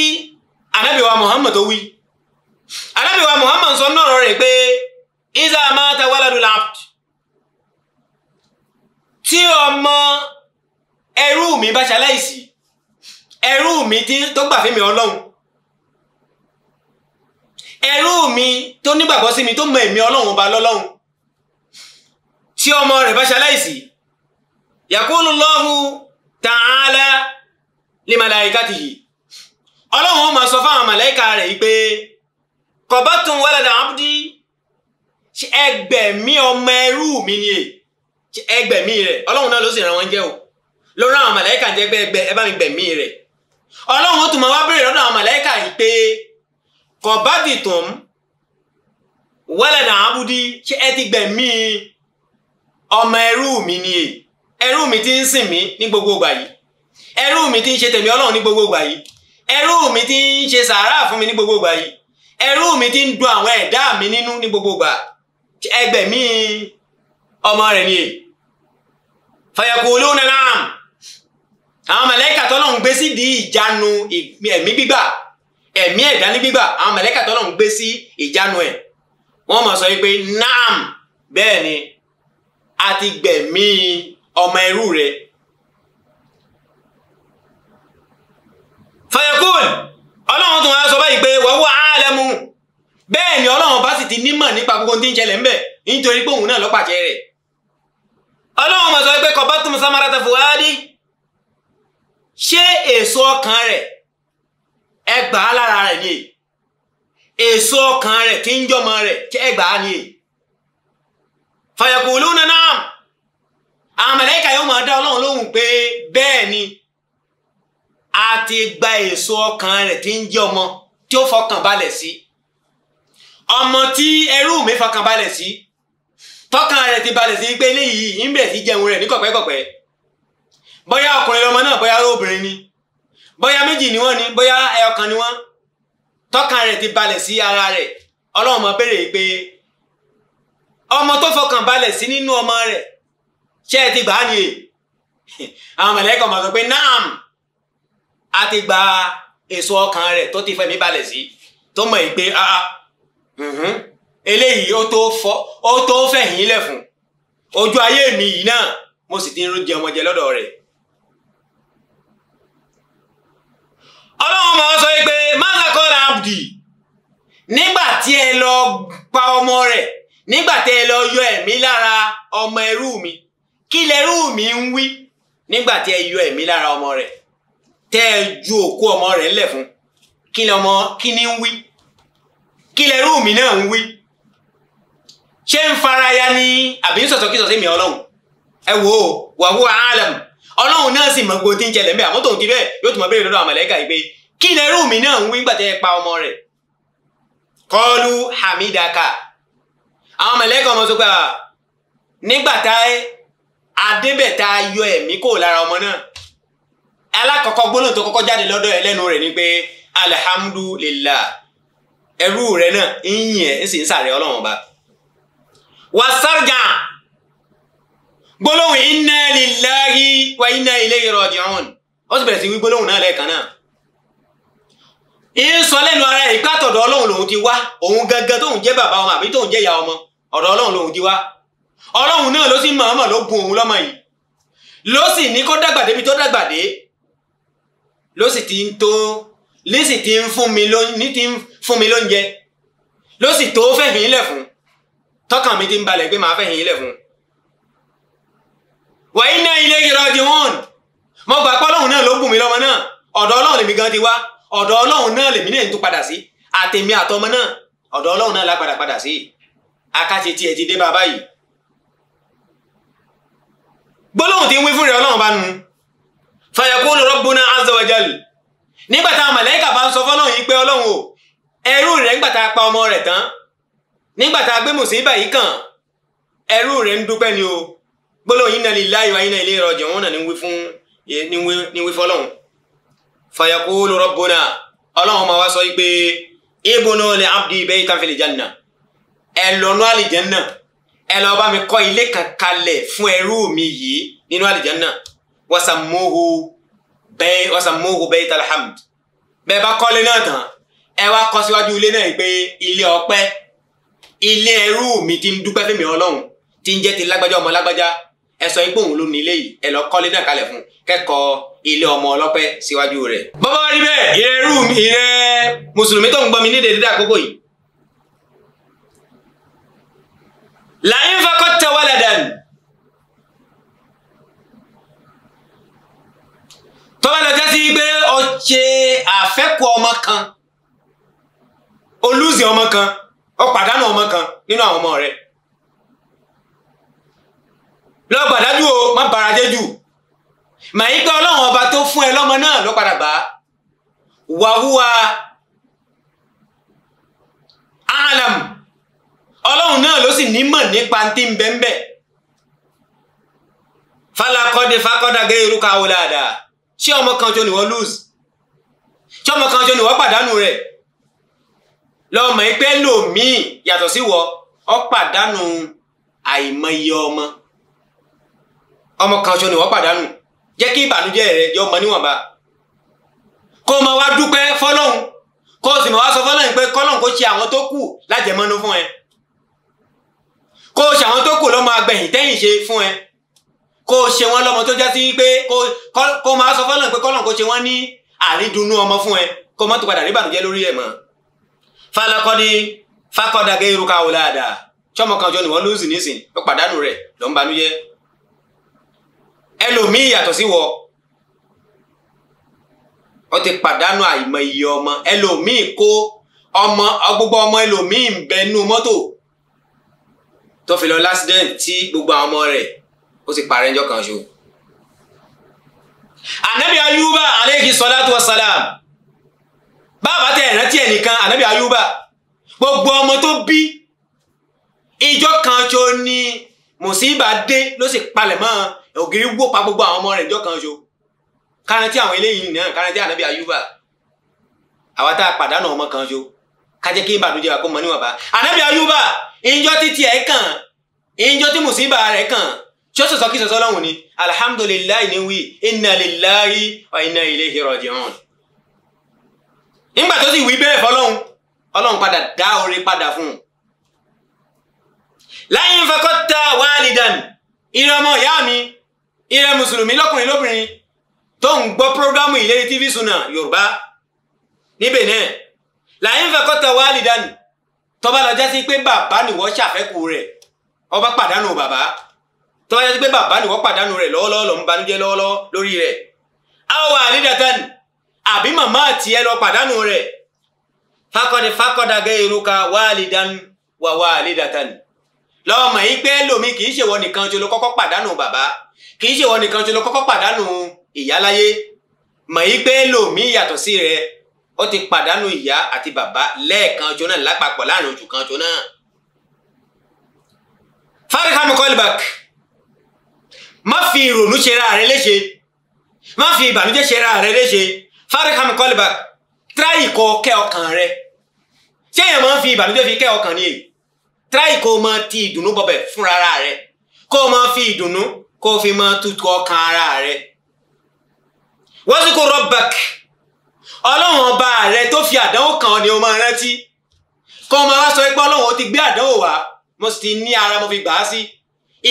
anábìwa Muhammad tó wí anábìwa Muhammad sọ náà rẹ̀ pé iza mata waladul abd tí ọmọ ẹrú mi bá ṣaláìsí ẹrú mi tó gbà fún mi ọlọ́run ẹrú mi tó nígbàgbọ́ sí mi tó mọ èmi ọlọ́run ọba lọ́lọ́run tí ọmọ rẹ̀ bá ṣaláìsí yakulu Allahu ta'ala li malaikatihi ọlọ́run ó máa sọ fáwọn màláìka rẹ̀ yìí pé qabatun walada abdi ẹgbẹ̀mí ọmọ ẹrú mi ni è ẹgbẹ̀mí rẹ̀ ọlọ́run náà ló sì ràn wọ́n jẹ́ o ló àwọn màláìka jẹ́ gbẹ́gbẹ́ ẹ bá mi gbẹ̀mí rẹ̀ ọlọ́run ó tún máa wá bèrè lọ́dọ̀ àwọn màláìka yìí pé qabatun walada abdi ṣé ẹ ti gbẹ̀mí ọmọ ẹrú mi ni èyí ẹrú mi ti ń sìn mí ní gbogbo ìgbà yìí mi ti ń ṣe tẹ̀mí ọlọ́run ní gbogbo ìgbà yìí mi ti ń ṣe sàárà fún mi ní gbogbo ìgbà yìí ń du ọmọ rẹ̀ ni èyí fayakuluna na àwọn mẹ̀lẹ́kà tọ́lọ̀ ń gbé sí ìjánu ẹ̀mí gbígbà ẹ̀mí ẹ̀dá ní gbígbà wọ́n mọ̀ sọ wípé bẹ́ẹ̀ ni àti gbẹ̀mí ọmọ ẹrú rẹ̀. fayakun ọlọ́run tún wá sọ báyìí pé wọ́n wá àlẹ́mu bẹ́ẹ̀ ni ọlọ́run bá sì ti nímọ̀ nípa gbogbo tí ń ṣẹlẹ̀ ńbẹ̀ nítorí pé òun náà ló pàṣẹ rẹ̀. ọlọ́run mọ̀ sọ pé kọ̀bá tún samarata fuwadi ṣé èso ọkàn rẹ̀ ẹgbàá lára rẹ̀ ni èso ọkàn rẹ̀ tí ń jọmọ rẹ̀ ẹgbàá ni èyí. fayakuluna naam àwọn mẹlẹ́kà yóò máa dá ọlọ́run lóhùn pé bẹ́ẹ̀ ni a ti gba èso ọkàn rẹ̀ tí ń jẹ́ ọmọ tí ó fọkàn balẹ̀ sí ọmọ tí ẹrú mi fọkàn balẹ̀ sí fọkàn rẹ̀ ti balẹ̀ sí pé eléyìí ń bẹ̀rẹ̀ sí jẹun rẹ̀ ní kọ̀pẹ́kọ̀pẹ́ bóyá ọkùnrin lọmọ náà bóyá obìnrin ni bóyá méjì ni wọ́n ni bóyá ọkàn ni wọ́n tọkàn rẹ̀ ti balẹ̀ sí ara rẹ̀ ọlọ́run máa béèrè pé ọmọ tó fọkàn balẹ̀ sí nínú ọmọ rẹ̀ ṣé ẹ ti gbà á nìyẹn àwọn mẹ̀lẹ́kọ̀ máa sọ pé naam a ti gba èso ọkàn rẹ̀ tó ti fẹ̀mí balẹ̀ sí tó mọ̀ ìpè ah, ah mhm, eléyìí ó tó fọ́ ó tó fẹ̀yìn lẹ̀ fún ojú ayé mi yìí náà mo sì ti ń jẹ ọmọ jẹ lọ́dọ̀ rẹ̀. ọlọ́run máa sọ pé mazakọ́lá abdi nígbà tí ẹ lọ pa ọmọ rẹ̀ nígbà tẹ́ ẹ lọ yọ ẹ̀mí lára ọmọ ẹrú mi kí lẹrú mi ń wí nígbà tẹ́ ẹ yọ ẹ̀mí lára ọmọ rẹ̀ tẹ́ ẹ ju òkú ọmọ rẹ̀ ńlẹ̀ fún kí ni ọmọ kí ni ń wí kí lẹrú mi náà ń wí ṣé ń faraya ni àbí ń sọ̀tọ̀kísọ̀ sí mi ọlọ́run ẹ wo wàhú alam ọlọ́run náà sì mọ gbogbo tí ń ṣẹlẹ̀ mbẹ́ àmọ́ tòun ti bẹ́ẹ̀ yóò tún mọ béèrè lọ́dọ̀ àmọ̀lẹ́kà yìí pé kí lẹrú mi náà ń wí nígbà tẹ́ ẹ pa ọmọ rẹ̀ kọlu hamidaka àwọn mẹ̀lẹ́kọ̀ ọmọ sọgbà nígbà tá adébẹ̀ tá a yọ ẹ̀mí kò lára ọmọ náà alákọ̀ọ́kọ́ gbólóhùn tó kọ́kọ́ jáde lọ́dọ̀ ẹ lẹ́nu rẹ̀ ni pé alihamudulilá ẹrú rẹ náà ń yìn ẹ ń sì ń sàrẹ Ọlọ́run ọba wasarja gbólóhùn inna lillahi wa inna ilayhi raji'un ó sì bẹ̀rẹ̀ sí wí gbólóhùn náà lẹ́ẹ̀kan náà ń sọ lẹ́nu ara ìpàtọ̀dọ̀ Ọlọ́run lòun ti wá òun gangan tóun jẹ́ bàbá ọmọ àbí tóun jẹ́ ìyá ọmọ ọ̀dọ̀ ọlọ́run lòun jí wá ọlọ́run náà ló sì mọ̀ọ́mọ̀ ló gun òun lọ́mọ yìí ló sì ní kó dàgbà débi tó dàgbà dé ló sì ti ń tó ní sì ti ń fún mi ní ti ń fún mi lóúnjẹ ló sì tó fẹ̀hìn ilẹ̀ fún tọkàn mi ti ń balẹ̀ pé màá fẹ̀hìn ilẹ̀ fún. wàyí náà ilé yọrọ di wọn mo gbà pé ọlọ́run náà ló gùn mí lọ́mọ náà ọ̀dọ̀ ọlọ́run lèmi gan ti wá ọ̀dọ̀ ọlọ́run náà lèmi náà ń tún padà sí àtèmi àtọmọ náà ọ̀dọ̀ ọlọ́run náà lápadà padà sí akáṣe tiẹ̀ ti dé bá báyìí gbólóhùn tí ń wí fún rẹ̀ ọlọ́run bá nu fayaqulu rabbuna azza wa jal nígbà tá a màláíkà bá ń sọ fọlọ́run yìí pé ọlọ́run o ẹrú rẹ̀ nígbà tá a pa ọmọ rẹ̀ tán nígbà tá a gbé mùsíbà yìí kàn ẹrú rẹ̀ ń dúpẹ́ ni o gbólóhùn inna lillahi wa inna ilayhi raji'un náà ní wí fún ní wí fọlọ́run fayaqulu rabbuna ọlọ́run máa wá sọ yìí pé ibnu li abdi baytan fil janna ẹ lọ nú àlìjẹ́nà ẹ lọ bá mi kọ́ ilé kan kalẹ̀ fún ẹrú mi yìí nínú àlìjẹ́nà wasamuhu bẹ́ẹ̀ wasamuhu bẹ́ẹ̀ talhamd bẹ́ẹ̀ bá kọ́lé náà tán ẹ wá kọ́ síwájú ilé náà pé ilé ọpẹ́ ilé ẹrú mi ti ń dúpẹ́ fún mi ọlọ́run ti ń jẹ́ ti lágbájá ọmọ lágbájá ẹ sọ yín pé òun ló ní ilé yìí ẹ lọ kọ́lé náà kalẹ̀ fún kẹ́kọ̀ọ́ ilé ọmọ ọlọ́pẹ́ síwájú rẹ̀. bọ́bá rí bẹ́ẹ̀ ilé ẹrú mi ilé mùsùlùmí tó ń gbọ́ mi ní dèédé àkókò yìí la'in faqadta waladan tọ́ba lọ jásí pé ọ̀ṣẹ́ àfẹ́kù ọmọ kan olùsìn ọmọ kan ọ̀pàdánù ọmọ kan nínú àwọn ọmọ rẹ̀ lọ gbàdájú o má bara jẹ́ jù màá yí pé ọlọ́run ọba tó fún ẹ lọ́mọ náà ló padà bá wàhùwà alam ọlọ́run náà ló sì nímọ̀ nípa tí ń bẹ́ńbẹ́ falakọ́dé fakọ́dàgẹ́ irúkà wò dáadáa ṣé ọmọ kan tó nìwọ́ lose ṣé ọmọ kan tó nìwọ́ pàdánù rẹ̀ lọ́mọ ẹgbẹ́ lòmíì yàtọ̀ sí wọ ọ pàdánù àìmọye ọmọ ọmọ kan tó nìwọ́ pàdánù jẹ́ kí ìbànújẹ́ rẹ̀ jọ mọ níwọ̀nba kó o máa wá dúpẹ́ fọlọ́hún kó o sì máa wá sọ fọlọ́hún pé kọ́lọ́hún kó ṣe àwọn tó kù lájẹmọ́nú fún ẹ kó o ṣàwọn tó kù lọ́mọ agbẹ̀yìn tẹ́yìn ṣe fún ẹ kó o ṣe wọn lọ́mọ tó já sí pé kó o máa sọ fọ́lọ́n pé kọ́lọ́n kó ṣe wọ́n ní àrídùnnú ọmọ fún ẹ kó o má tó padà rí bàtújẹ́ lórí ẹ̀ mọ́ falakọ́ni fakọ́dàgẹ́ irúkà wò dáadáa ṣọmọ kan jọ ni wọ́n lóòsì nísìn ó pàdánù rẹ̀ ló ń banújẹ́ ẹlòmíì yàtọ̀ sí wọ ó ti pàdánù àìmọye ọmọ ẹlòmíì kó ọmọ gbogbo ọmọ ẹlòmíì ń bẹ nínú mọ́tò tó fi lọ lásìdẹ́ǹt tí gbogbo àwọn ọmọ rẹ̀ ó sì parẹ́ ńjọ́ kan ṣo. ànábì ayúbà aleyhi salatu wa salam bàbá tẹ ẹ̀rántí ẹ̀ ànábì ayúbà gbogbo ọmọ tó bí ìjọ kan ṣo ni mùsíbà dé ló sì palẹ̀ mọ́ ògiri wó pa gbogbo àwọn ọmọ rẹ̀ ìjọ kan ṣo kárántí àwọn eléyìí náà kárántí ànábì ayúbà àwa tá a pàdánù ọmọ kan ṣo kájẹ́ kí ìbànújẹ́ wa kó mọ níwọ̀nba ànábì ayúbà ìjọ títí ẹ̀ kàn ìjọ tí mùsíbà rẹ̀ kàn tí ó sọ̀sọ́ kí sọ̀sọ́ lọ́hùn ni alhamdulilayi ni wí inna lillahi wa inna ilayhi raji'un. nígbà tó sì wí bẹ́ẹ̀ fọlọ́hún ọlọ́run padà dá oore padà fún un. láyé ń fẹkọ́ ta wàlídàn ìrẹ ọmọ ìyá mi ìrẹ mùsùlùmí lọ́kùnrin lóbìnrin tó ń gbọ́ prógámù ìlérí tv suna yorùbá níbẹ̀ náà láyé ń fẹkọ́ ta wàlídàn tó lọ jẹ́ pé bàbá nìwọ ṣàfẹ́kù rẹ̀ ọba pàdánù bàbá tó bá pé bàbá nìwọ pàdánù rẹ̀ lọ́wọ́lọ́wọ́ ló ń banújẹ́ lọ́wọ́lọ́wọ́ lórí rẹ̀ àwọn àrídàtàn àbí màmá àti ẹ lọ pàdánù rẹ̀ fakọdẹ fakọdà gẹ irúka wàálìdán wà wàálìdàtàn lọ́mọ yìí pé lómi kì í ṣèwọ nìkan tí ló kọ́kọ́ pàdánù bàbá kì í ṣèwọ nìkan tí ló kọ́kọ́ pàdánù ìyáláyé mọ̀ yìí pé lómi yàtọ̀ sí rẹ̀ ó ti pàdánù ìyá àti bàbá lẹ́ẹ̀kan ọjọ́ náà lápapọ̀ láàrin oṣù kan ọjọ́ náà. fariham kolbak má fi ìrònú ṣe ra rẹ léṣe má fi ìbànújẹ́ ṣe ra rẹ léṣe fariham kolbak tíráì kọ kẹ́ ọkàn rẹ ṣé èèyàn máa ń fi ìbànújẹ́ fi kẹ́ ọkàn ni èyí tíráì kó máa ti ìdùnnú bọ̀bẹ̀ fúnra ara rẹ kó o máa fi ìdùnnú kó o fi máa tutù ọkàn ara rẹ. wazkur rabbak ọlọ́run ọba rẹ tó fi àdánwò kan ni o máa rántí kọ́ ọmọ wa sọ pé ọlọ́run ó ti gbé àdánwò wá mo sì ti ní ara mo fi gbà á sí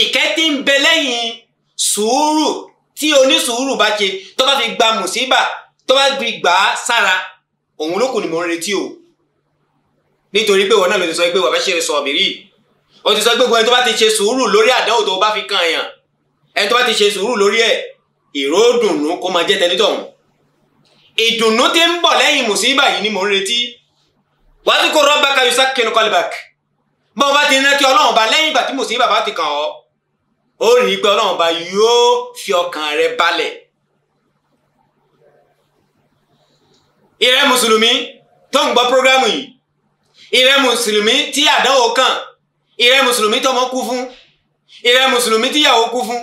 ìkẹ́ ń bẹ lẹ́yìn sùúrù tí onísùúrù bá ṣe tó bá fi gba mùsíbà tó bá fi gbà á sára òun ló kù ni mo ń retí o nítorí pé wọn náà ló ti sọ pé wàá fẹ́ ṣe sọ ọ̀bìrì o ti sọ pé gbogbo ẹni tó bá ti ṣe sùúrù lórí àdánwò tó bá fi kan èèyàn ẹni tó bá ti ṣe sùúrù lórí ẹ̀ ìró kó máa jẹ́ tẹ́lítọ̀hún ìdùnnú tí ń bọ̀ lẹ́yìn mùsíbà yìí ni mò ń retí wàásùkò rabbaka yusakkinu qalbak bó o bá ti rántí ọlọ́run ba lẹ́yìn ìgbà tí mùsíbà bá ti kàn ọ́ ó rí i pé ọlọ́run ba yóò fi ọkàn rẹ balẹ̀. ìrẹ́ mùsùlùmí tó ń gbọ́ prógrámù yìí ìrẹ́ mùsùlùmí tí àdánwò kàn ìrẹ́ mùsùlùmí tọmọ kú fún ìrẹ́ mùsùlùmí tíyàwó kú fún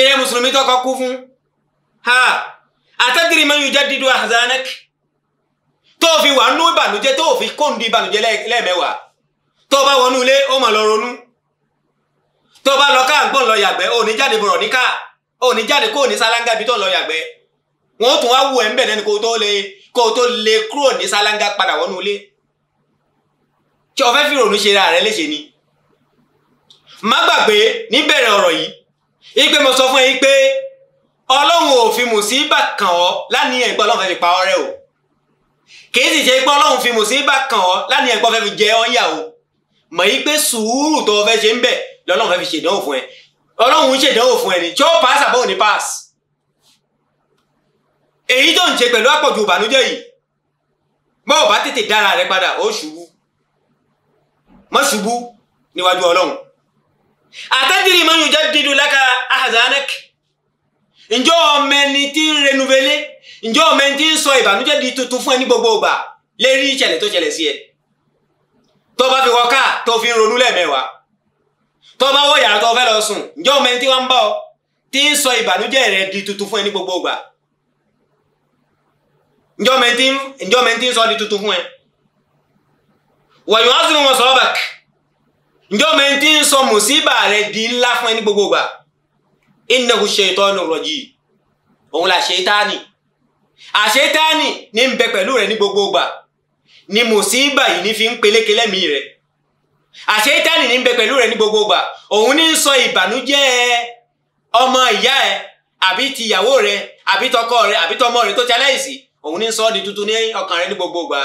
ìrẹ́ mùsùlùmí tọkọ kú fún ha atadiri man yujaddidu ahzanak tó o e fi wà nú ìbànújẹ́ tó o fi kóńdú ìbànújẹ́ lẹ́ẹ̀mẹ́wàá tó o bá wọnú ilé ó mà lọ ronú tó o bá lọ ká àgbọn lọ yàgbẹ́ ò ní jáde bọrọ níkà ò ní jáde kó o ní sálángà bí tó ń lọ yàgbẹ́ wọn ó tún wá wù ẹ ń bẹ nẹni kó o tó lè kó o tó lè kúrò ní sálángà padà wọnú ilé tí o fẹ́ fi ronú ṣe ara rẹ léṣe ni má gbàgbé níbẹ̀rẹ̀ ọ̀rọ̀ yìí ìpè mo sọ fún ẹ e yìí pé ọlọ́run ò fi mùsíbà kàn ọ́ lánìyàn ìgbọ́ ọlọ́run fẹ́ fi pa ọ́ rẹ́ o kìí sì ṣe pé ọlọ́run fi mùsíbà kàn ọ́ lánìyàn ìgbọ́ fẹ́ fi jẹ ọ́ yà o mọ̀ yí pé sùúrù tó o fẹ́ ṣe ń bẹ̀ lọ́lọ́run fẹ́ fi ṣèdánwò fún ẹ ọlọ́run ń ṣèdánwò fún ẹ ni tí ó pass àbọ̀ ní pass èyí tó ń ṣe pẹ̀lú àpọ̀jù ìbànújẹ́ yìí bọ́ ọ̀ bá tètè dára rẹ padà ó ṣubú mọ́ ṣubú níwájú ọlọ́run àtẹ́jìrì mọ́yún jẹ́ dídú lákà áhàzánẹ́kì ǹjọ́ ọmọ ẹni tí ń renuvele ǹjọ́ ọmọ ẹni tí ń sọ ìbànújẹ́ di tuntun fún ẹni gbogbo ìgbà lè rí ìṣẹ̀lẹ̀ tó ṣẹlẹ̀ sí ẹ tó bá fi wọ káà tó fi ń ronú lẹ́ẹ̀mẹ́wàá tó bá wọ yàrá tó fẹ́ lọ sùn ǹjọ́ ọmọ ẹni tí wọ́n ń bá ọ tí ń sọ ìbànújẹ́ rẹ di tuntun fún ẹni gbogbo ìgbà ǹjọ́ ọmọ ẹni tí ń sọ di tuntun fún ẹ wọ̀nyí wọ́n á sì bàk ǹjọ́ ọmọ ẹni tí ń sọ mùsíbà rẹ di ńlá fún ẹni gbogbo ìgbà innahu shaytanu rajim òun là ṣètánì àṣetánì ní ń bẹ pẹ̀lú rẹ̀ ní gbogbo ìgbà ni mùsíbà yìí ní fi ń peléke re rẹ̀ àṣetánì ní ń bẹ pẹ̀lú rẹ̀ ní gbogbo ìgbà òun ní ń sọ ìbànújẹ́ ọmọ ìyá ẹ àbí ti ìyàwó rẹ àbí tọkọ rẹ àbí tọmọ rẹ tó ti aláìsí òun ní ń di tuntun ní ọkàn rẹ ní gbogbo ìgbà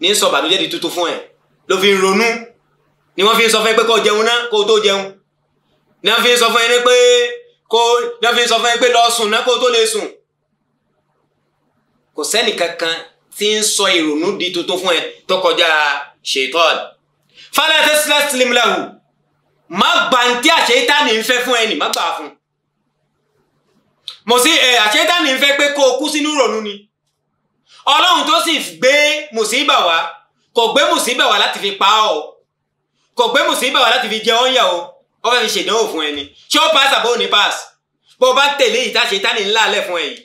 ní ń sọ ìbànújẹ́ di tuntun fún ẹ ló fi ń ronú ni wọ́n fi ń sọ fẹ́ pé kó jẹun ná kó tó jẹun ní wọ́n fi sọ fún ẹni pé kó ní wọ́n fi sọ fún ẹni pé lọ sùn náà kó tó lè sùn kò sẹ́ni kankan tí ń sọ ìrònú di tuntun fún ẹ tó kọjá ṣètọ́n fálẹ́ tẹ́sílẹ̀ sílẹ̀mìláhù má gbà ń tí àṣetánì ń fẹ́ fún ẹni má gbà fún mo sí ẹ àṣetánì ń fẹ́ pé kó o kú sínú ìrònú ni ọlọ́run tó sì gbé mùsíbà wá kò gbé mùsíbà wá láti fi pa ọ́ kò gbé mùsíbà wá láti fi jẹ ọ́ ń yà ọ́ wọ́n fẹ́ fi ṣèdánwò fún ẹni ṣé ó pass àbó ní pass bó o bá ń tẹ̀lé yìí táṣe tání ńlá alẹ́ fún ẹ yìí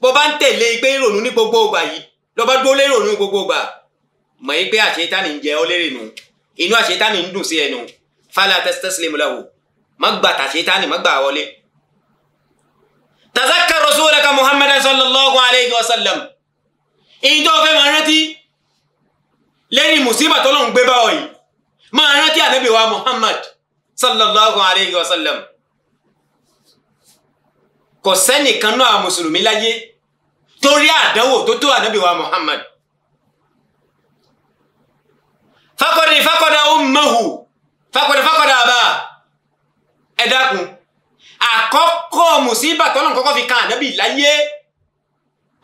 bó o bá ń tẹ̀lé pé ìrònú ní gbogbo ìgbà yìí lọ bá dúró lérò ní gbogbo ìgbà mọ̀ yín pé àṣẹ tání ń jẹ ọ́ lérè nù inú àṣẹ tání ń dùn sí ẹnu fala tastaslim lahu má gbà tàṣẹ tání má gbà wọlé. tazakkar rasulaka muhammadan sallallahu alayhi wa sallam ìjọ sallallahu alayhi wa sallam kò sẹ́nìkan náà mùsùlùmí láyé torí àdánwò tó tó ànábì wa muhammad fakọ̀dì fakọ̀dà ummahu fakọ̀dì fakọ̀dà àbá ẹ dákun àkọ́kọ́ mùsíbà tọ́lọ̀ kọ́kọ́ fi kan ànábì láyé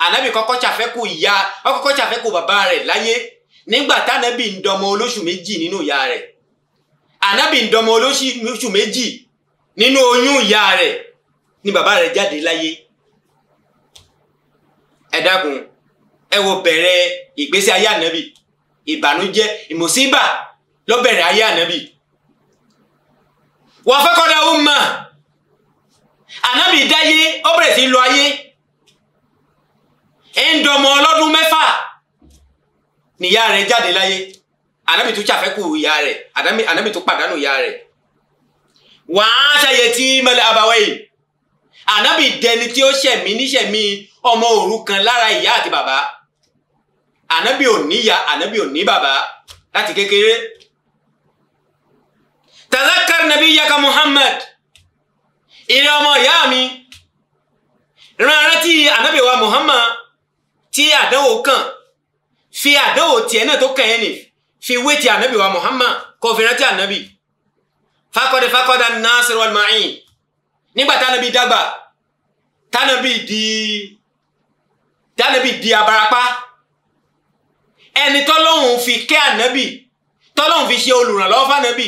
ànábì kọ́kọ́ ṣàfẹ́kù ìyá ọkọ́kọ́ ṣàfẹ́kù bàbá rẹ̀ láyé nígbà tánábì ń dọmọ olóṣù méjì nínú ìyá rẹ̀ ànábì ń dọmọ olóṣù méjì nínú oyún ìyá rẹ̀ ni bàbá rẹ̀ jáde láyé ẹ dákun ẹ wo bẹ̀rẹ̀ ìgbésí ayé ànábì ìbànújẹ́ ìmùsíbà ló bẹ̀rẹ̀ ayé ànábì wọ́n fẹ́ kọ́dà ó mà ànábì dáyé ó bẹ̀rẹ̀ sí lọ ayé ń dọmọ ọlọ́dún mẹ́fà nìyá rẹ̀ jáde láyé anabi tún ṣàfẹ́kù ìyá rẹ̀ anabi tún pàdánù ìyá rẹ̀ wàá ṣàyẹ tí mẹ́lẹ̀ abawẹ́ yìí anabi dẹni tí ó ṣẹ̀mí níṣẹ̀mí ọmọ òrukàn lára ìyá àti bàbá anabi ò níyà anabi ò ní bàbá láti kékeré tazakar nabi yaka muhammad ìrẹ ọmọ ìyá mi rán rántí anabi wa muhammad tí àdánwò kàn fi àdánwò tiẹ̀ náà tó kàn yẹn nìyí ṣe ìwé ti ànábì wa Muhammad kò fi rántí ànábì fakọ́dé fakọ́dá nasir wal ma'in nígbà tánábì dàgbà tánábì di tánábì di abarapá ẹni tọ́lọ́hún fi kẹ́ ànábì tọ́lọ́hún fi ṣe olùrànlọ́wọ́ fànábì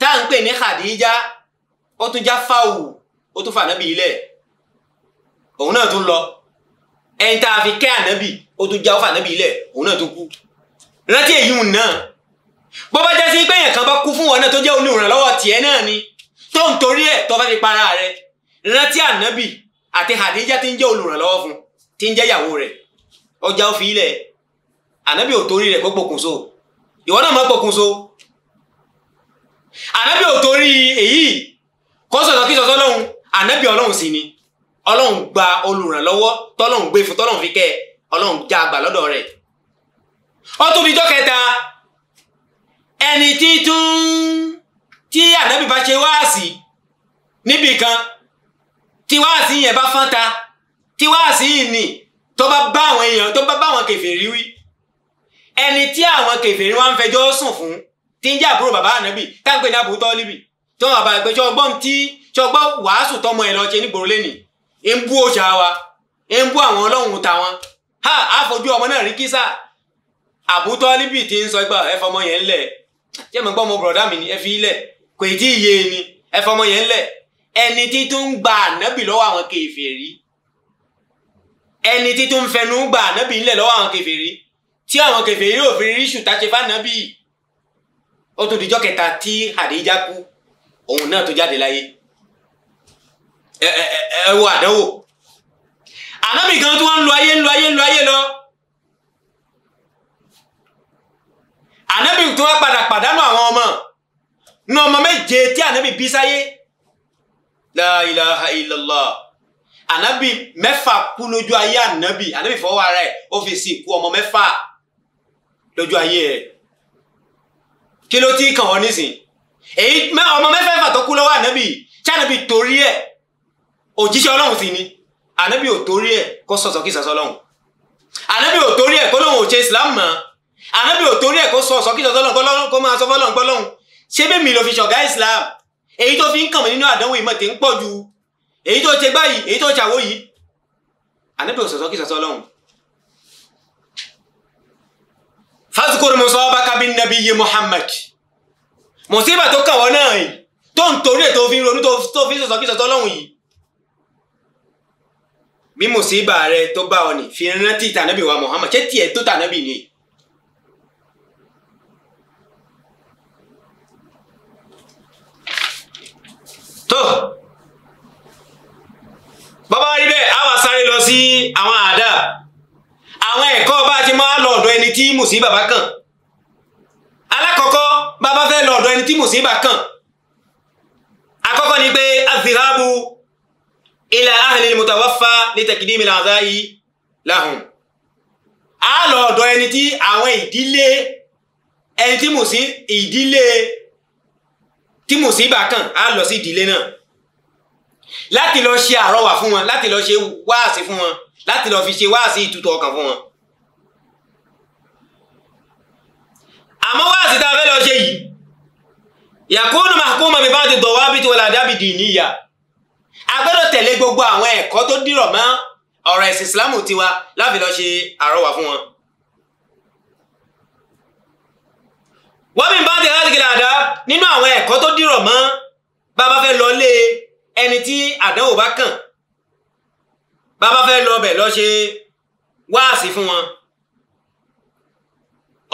tá à ń pè ní Khadija ó tún já fáwù ó tún fànábì ilẹ̀ òun náà tún lọ ẹni tá a fi kẹ́ ànábì ó tún já ó ilẹ̀ òun náà tún kú rántí èyí náà bó bá jẹ́ sí pé èèyàn kan bá kú fún wọn náà tó jẹ́ olùrànlọ́wọ́ tiẹ̀ náà ni tó ń torí ẹ̀ tó fẹ́ fi para rẹ̀ rántí ànábì àti Hàdíjà tí ń jẹ́ olùrànlọ́wọ́ fún tí ń jẹ́ ìyàwó rẹ̀ ọjà ó fi ilẹ̀ ànábì ò torí rẹ̀ pé pokùnso ìwọ náà má pokùnso ànábì ò torí èyí kó sọ̀tọ̀ kí sọ̀tọ̀ lọ́hùn ànábì ọlọ́hun sì ni ọlọ́hun gba olùrànlọ́wọ́ tọ́lọ́hun gbé fún tọ́lọ́hun fi kẹ́ ọlọ́hun já àgbà lọ́dọ̀ rẹ̀ ó tún kẹta ẹni títún tí ànábì bá ṣe wáàsí níbì kan tí wáàsí yẹn bá fọ́n ta tí wáàsí yìí nì tó bá bá àwọn èèyàn tó bá bá àwọn kèfèrí wí ẹni tí àwọn kèfèrí wọn ń fẹjọ́ sùn fún tí ń jẹ́ àbúrò bàbá ànábì táǹpẹ̀ ní àbúrò tọ́líbì tí wọn bàbá ìpẹ́jọ́ ọgbọ́n tí ṣọgbọ́n wàásù tọmọ ẹ̀ lọ ṣe nígboro lẹ́nìí ń bú òòṣà wa ń bú àwọn ọlọ́run tàwọn ha àfojú ọmọ náà rí kísà àbútọ́líbì ti ń sọ gbà ẹ fọmọ yẹn lẹ̀ jẹ́ mi gbọ́ mo bùrọ̀dá mi ni ẹ fi ilẹ̀ kò tí ì yé ni ẹ fọmọ yẹn lẹ̀ ẹni tí tó ń gba ànábì lọ́wọ́ àwọn kèfèrí ẹni tí tó ń fẹnu gba ànábì ńlẹ̀ lọ́wọ́ àwọn kèfèrí tí àwọn kèfèrí ò fi rí ṣùtá ṣe fànábì ó tún dijọ́ kẹta tí àdéjà kú òun náà tó jáde láyé ẹ ẹ ẹ wo àdánwò ànábì kan tí wọ́n ń lo ayé ń lo ayé ń lo ayé lọ. anabi tí wọ́n padà pàdánù àwọn ọmọ ní ọmọ méje tí ànábì bí sáyé la ilaha illallah ànábì mẹ́fà kú lójú ayé anabi ànábì fọwọ́ ara ẹ̀ ó fi sí ikú ọmọ mẹ́fà lójú ayé ẹ̀ kí ló ti kàn wọ́n nísìn èyí ọmọ mẹ́fẹ̀ẹ̀fà tó kú lọ́wọ́ ànábì tí ànábì torí ẹ̀ òjíṣẹ́ ọlọ́run sì ni ànábì ò torí ẹ̀ kó sọ̀sọ̀ kí sàṣọ ọlọ́run ànábì ò torí ẹ̀ kó lóun ò ṣe islam mọ́ ànábì ò torí ẹ̀ kó sọ sọkítọ̀ tọ́lọ́n kó máa sọ fọ́lọ́n gbọ́lọ́hún ṣé bẹ́ẹ̀mì ló fi ṣọ̀gá Islam èyí tó fi ń kàn mí nínú àdánwò ìmọ̀ tí ń pọ̀ ju èyí tó ṣe báyìí èyí tó ṣàwó yìí ànábì ò sọ̀sọ́kítọ̀ tọ́lọ́hún. fásitì musaba kabi nabi iye Muhammad mùsíbà tó kàwọ́ náà yìí tó ń torí ẹ̀ tó fi ronú tó fi sọ̀sọ́kítọ̀ tọ́lọ́hún yìí bí mùsíbà rẹ tó bá ọ nì fi rántí tànábì wa Muhammad ṣé tiẹ̀ tó tànábì ni tó bàbá rí bẹ́ẹ̀ a wà sáré lọ sí àwọn àdá àwọn ẹ̀kọ́ bá ti máa lọ ọ̀dọ̀ ẹni tí mùsíbà bá kàn alákọ̀ọ́kọ́ bàbá fẹ́ lọ ọ̀dọ̀ ẹni tí mùsíbà kàn àkọ́kọ́ ni pé azirabu ila ahli mutawaffa li takdimi al-azai lahum a lọ ọ̀dọ̀ ẹni tí àwọn ìdílé ẹni tí mùsí ìdílé tí mùsíbà kàn á lọ sí ìdílé náà láti lọ ṣe àrọwà fún wọn láti lọ ṣe wáàsí fún wọn láti lọ fi ṣe wáàsí ìtútù ọkàn fún wọn. àmọ́ wáàsí tá a fẹ́ lọ ṣe yìí yakunu mahkuma mi bá ti dọ̀wọ́ àbítí wọlé àdábìdì níyà a gbọ́dọ̀ tẹ̀lé gbogbo àwọn ẹ̀kọ́ tó dìrọ̀ mọ́ ọ̀rọ̀ ẹ̀sìn ìsìlámù tiwa láfi lọ ṣe àrọwà fún wọn. wọ́n mi bá ti rádìgì àdá nínú àwọn ẹ̀kọ́ tó dìrọ̀ mọ́ bàbá fẹ́ lọ lé ẹni tí àdánwò bá kàn bàbá fẹ́ lọ bẹ̀ lọ ṣe wáàsí fún wọn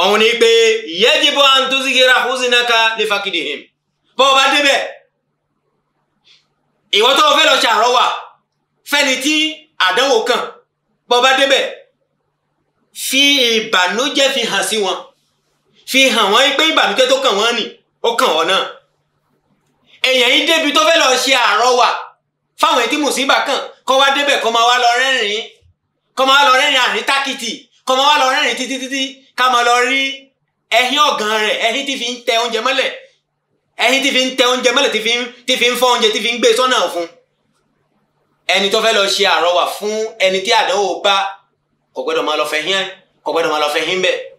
ọ̀hun ni pé yẹ́jìbọ́ àǹtúnṣìgẹ́ra húsínàká lè fàkìdì him bọ́ ọba débẹ̀ ìwọ tó fẹ́ lọ ṣàrọ́wà fẹ́ni tí àdánwò kàn bọ́ ọba débẹ̀ fi ìbànújẹ́ fi hàn sí wọn fi hàn wọ́n pé ìbànújẹ́ tó kàn wọ́n nì ó kàn wọ́n náà èèyàn yìí débi tó fẹ́ lọ ṣe àrọwà fáwọn tí mùsíbà kàn kọ́ wá débẹ̀ kọ́ máa wá lọ rẹ́rìn-ín kọ́ máa wá lọ rẹ́rìn-ín àrìn tákìtì kọ́ máa wá lọ rẹ́rìn-ín títí títí ká máa lọ rí ẹ̀hín ọ̀gàn rẹ̀ ẹ̀hín tí fi ń tẹ oúnjẹ mọ́lẹ̀ ẹ̀hín tí fi ń tẹ oúnjẹ mọ́lẹ̀ tí fi ń fọ́ oúnjẹ tí fi ń gbé sọ́nà fún ẹni tó fẹ́ lọ ṣe àrọwà fún ẹni tí àdánwò bá kò máa lọ fẹ́ hín bẹ́ẹ̀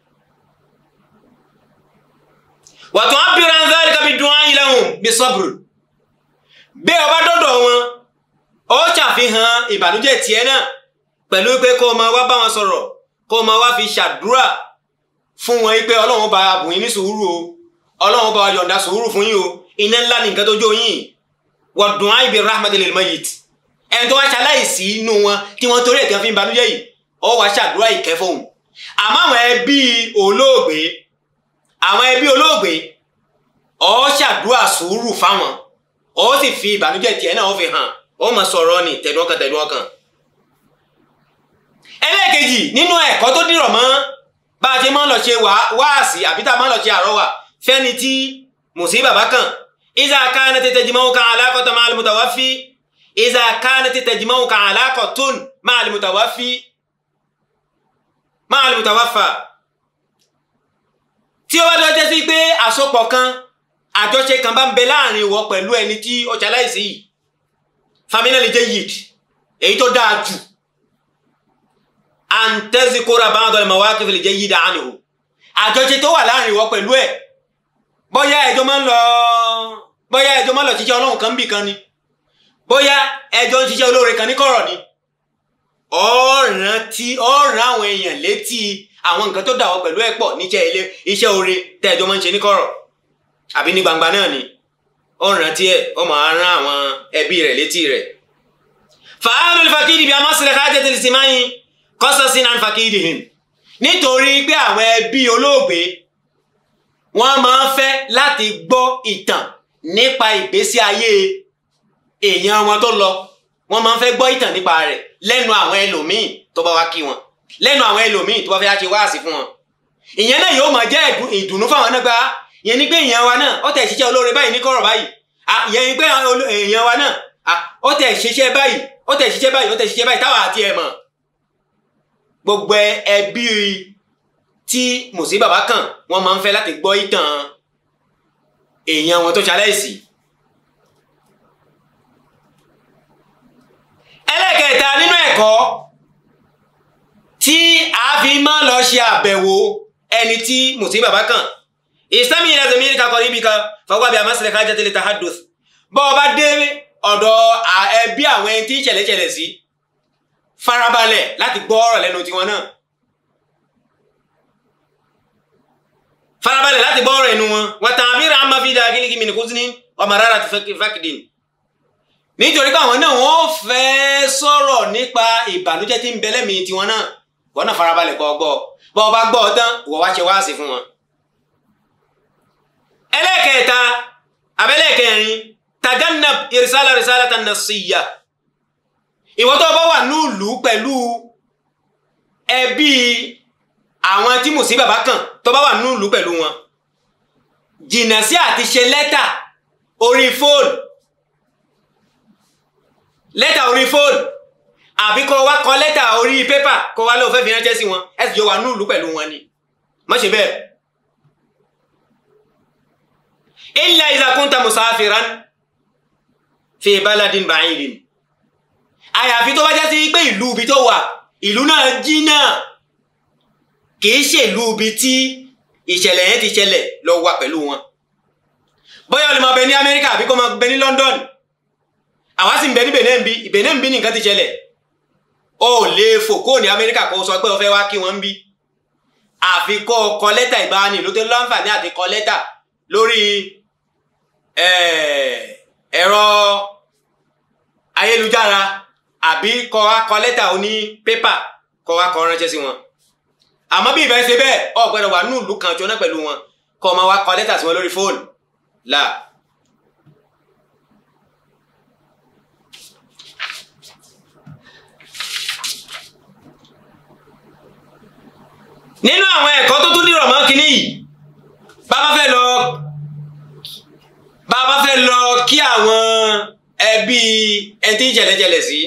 wa tu'abbiru an dhalika bid-du'a'i lahum bis-sabr bí ọba dọ́dọ̀ wọn ó ṣàfihàn ìbànújẹ́ tiẹ̀ náà pẹ̀lú pé kó o máa wá bá wọn sọ̀rọ̀ kó o máa wá fi ṣàdúrà fún wọn pé ọlọ́run bá a bùn yín ní sùúrù o ọlọ́run bá yọ̀ǹda sùúrù fún yín o iná ńlá ní nǹkan tó jó yín wa du'a'i bir-rahmati lil-mayyit ẹni tó wá ṣaláìsí inú wọn tí wọ́n torí ẹ̀kan àwọn ẹbí olóògbé ọ ṣàdúrà sùúrù fáwọn ọ sì fi ìbànújẹ́ tiẹ̀ náà ó fi hàn ó mọ sọ̀rọ̀ ni tẹ̀dúnọkàn tẹ̀dúnọkàn ẹlẹ́ẹ̀kejì nínú ẹ̀kọ́ tó dìrọ̀ mọ́ bá a ti máa ń lọ ṣe wáàsí àbí tá a máa ń lọ ṣe àrọ́wà fẹ́ni tí mùsíbà bá kàn iza kanat tajma'uka alaqata ma'al mutawaffi iza kanat tajma'uka alaqatun ma'al mutawaffi ma'al mutawaffa tí ó bá tó jẹ́ sí pé àsopọ̀ kan àjọṣe kan bá ń bẹ láàrin ìwọ pẹ̀lú ẹni tí ọjà láìsí yìí famina lè jẹ́ yìí èyí tó dáa jù àǹtẹ́sí kóra bá àdọ́lẹ̀ màwá kí fi lè jẹ́ yìí dáa nìho àjọṣe tó wà láàrin ìwọ pẹ̀lú ẹ̀ bóyá ẹjọ́ máa ń lọ bóyá ẹjọ́ máa ń lọ ṣiṣẹ́ ọlọ́run kan bì kan ni bóyá ẹjọ́ ń ṣiṣẹ́ olóore kan ní kọ̀rọ̀ ni ọ̀ràn àwọn èèyàn létí àwọn nǹkan tó dàwọ́ pẹ̀lú ẹ̀ pọ̀ níṣẹ́ ilé iṣẹ́ oore tẹ́ ẹ jọ máa ń ṣe ní kọ̀rọ̀ àbí ní gbangba náà ni ó ń rántí ẹ̀ ó máa rán àwọn ẹbí rẹ̀ létí rẹ̀. fàánù fàkìdì bíi amásílẹ̀ káyọ̀tẹ̀ tẹ̀lé sí máa ń kọ́sọ́sí náà fàkìdì hìn nítorí pé àwọn ẹbí olóògbé wọ́n máa ń fẹ́ láti gbọ́ ìtàn nípa ìgbésí ayé èèyàn wọn tó lọ wọ́n máa ń fẹ́ gbọ́ ìtàn nípa rẹ̀ lẹ́nu àwọn ẹlòmíín tó bá wá kí wọn lẹ́nu àwọn ẹlòmíì tó bá fẹ́ ṣe wáàsí fún wọn ìyẹn náà yóò máa jẹ́ ìdùnnú fáwọn náà gba ah, ìyẹn ni pé èèyàn wa náà ọ̀tẹ̀ ìṣiṣẹ́ olóore báyìí ní kọ̀rọ̀ báyìí ah, ìyẹn ni pé èèyàn wa náà ọ̀tẹ̀ ah, ìṣiṣẹ́ báyìí ọ̀tẹ̀ ìṣiṣẹ́ báyìí ọ̀tẹ̀ ìṣiṣẹ́ báyìí táwa àti ẹ̀ mọ̀ gbogbo ẹbí tí mùsíbà bá kàn wọ́n máa ń fẹ́ láti gbọ́ ìtàn èèyàn wọn tó ṣaláìsí ẹlẹ́kẹ̀ẹ́ta nínú ẹ̀kọ́ tí a fi máa lọ ṣe àbẹ̀wò ẹni tí mùsùlùmí bàbá kàn ìsẹ́mi ìlà tẹ̀mí ní kakọ̀ níbi kan fọwọ́ bí amásílẹ̀ kájà tẹ́lẹ̀ tahaddus bọ́ ọ bá dé ọ̀dọ̀ ẹbí àwọn ẹni tí ìṣẹ̀lẹ̀ṣẹ̀lẹ̀ sí farabalẹ̀ láti gbọ́ ọ̀rọ̀ lẹ́nu tiwọn náà farabalẹ̀ láti gbọ́ ọ̀rọ̀ ẹnu wọn wọ́n tàn àbí ra máa fi da kíníkì mi ní kúsí ọmọ rárá ti fákìdín nítorí pé náà wọ́n fẹ́ sọ̀rọ̀ nípa ìbànújẹ́ tí ń bẹ lẹ́mìí tiwọn náà wọn náà farabalẹ̀ kọ́ gbọ́ bọ́ ọ bá gbọ́ ọ tán wọ́n wá ṣe wá sí fún wọn. ẹlẹ́kẹ̀ẹ́ta abẹ́lẹ́kẹ̀rin tajannab irisala irisala ta nasiya ìwọ́n tó bá wà nílùú pẹ̀lú ẹbí àwọn tí mùsíbà bá kàn tó bá wà nílùú pẹ̀lú wọn jìnnà sí àti ṣe lẹ́tà orí fóònù lẹ́tà orí fóònù àbí kó wá kọ lẹ́tà orí pépà kó wá lóò fẹ́ fi ránṣẹ́ sí wọn ẹ sì jọ wà núùlù pẹ̀lú wọn ni má ṣe bẹ́ẹ̀. illa iza kunta fi baladin ba'idin àyàfi tó bá já sí pé ìlú ibi tó wà ìlú náà jìnnà kì í ṣèlú ibi tí ìṣẹ̀lẹ̀ yẹn ti ṣẹlẹ̀ lọ wà pẹ̀lú wọn bóyá o bẹ ní Amẹ́ríkà àbí kó máa bẹ ní London àwa sì ń bẹ ní Benin bí Benin bí nìkan ti ṣẹlẹ̀ o ò lè fò kó ní amẹ́ríkà kó sọ pé o fẹ́ wá kí wọ́n ń bí àfi kó o kọ lẹ́tà ìbáni ló tó láǹfààní àti kọ lẹ́tà lórí eh, ẹ̀rọ ayélujára àbí kó wá kọ lẹ́tà oní pépà kó wá kọ ránṣẹ́ sí wọn àmọ́ bí ìbá ṣe bẹ́ẹ̀ o wà ní kan jọ náà pẹ̀lú wọn kó o wá kọ lẹ́tà sí wọn lórí fóònù là. nínú àwọn ẹ̀kọ́ tó tún dìrọ̀ mọ́ kínní yìí bàbá fẹ́ lọ bàbá fẹ́ lọ kí àwọn ẹbí ẹtí jẹ̀lẹ̀jẹ̀lẹ̀ sí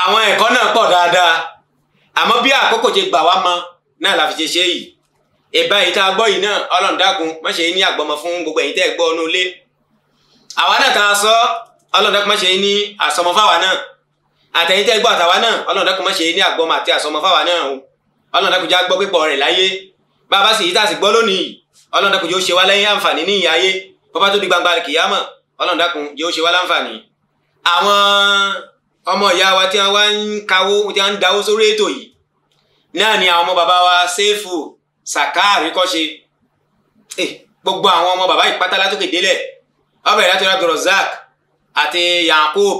àwọn ẹ̀kọ́ náà pọ̀ dáadáa àmọ́ bí àkókò ṣe gbà wá mọ náà la fi ṣe ṣe yìí ìbá yìí tá a gbọ́ yìí náà ọlọ́run dákun má ṣe ní àgbọ̀mọ fún gbogbo ẹ̀yin tẹ́ ẹ gbọ́ inú ilé àwa náà tá a sọ ọlọ́run dákun má ṣe ní àsọmọ fáwa náà àtẹ̀yìn tẹ́ gbọ́ àtàwa náà ọlọ́run dákun má ṣe ní àgbọ́mọ àti àsọmọ fáwa náà o ọlọ́run dákun já gbọ́ pípọ̀ rẹ̀ láyé bàbá sì yíta sì gbọ́ lónìí ọlọ́run dákun jẹ́ ó ṣe wá lẹ́yìn àǹfààní ní ìyá ayé bọ́bá tó di gbangba kìyàmọ̀ ọlọ́run dákun jẹ́ ó ṣe wá láǹfààní. àwọn ọmọ ìyá wa tí wọ́n ń kawó tí wọ́n ń dawó sórí ètò yìí náà ni àwọn ọmọ bàbá wa Seifu Sàkáàrí eh, àti Yakub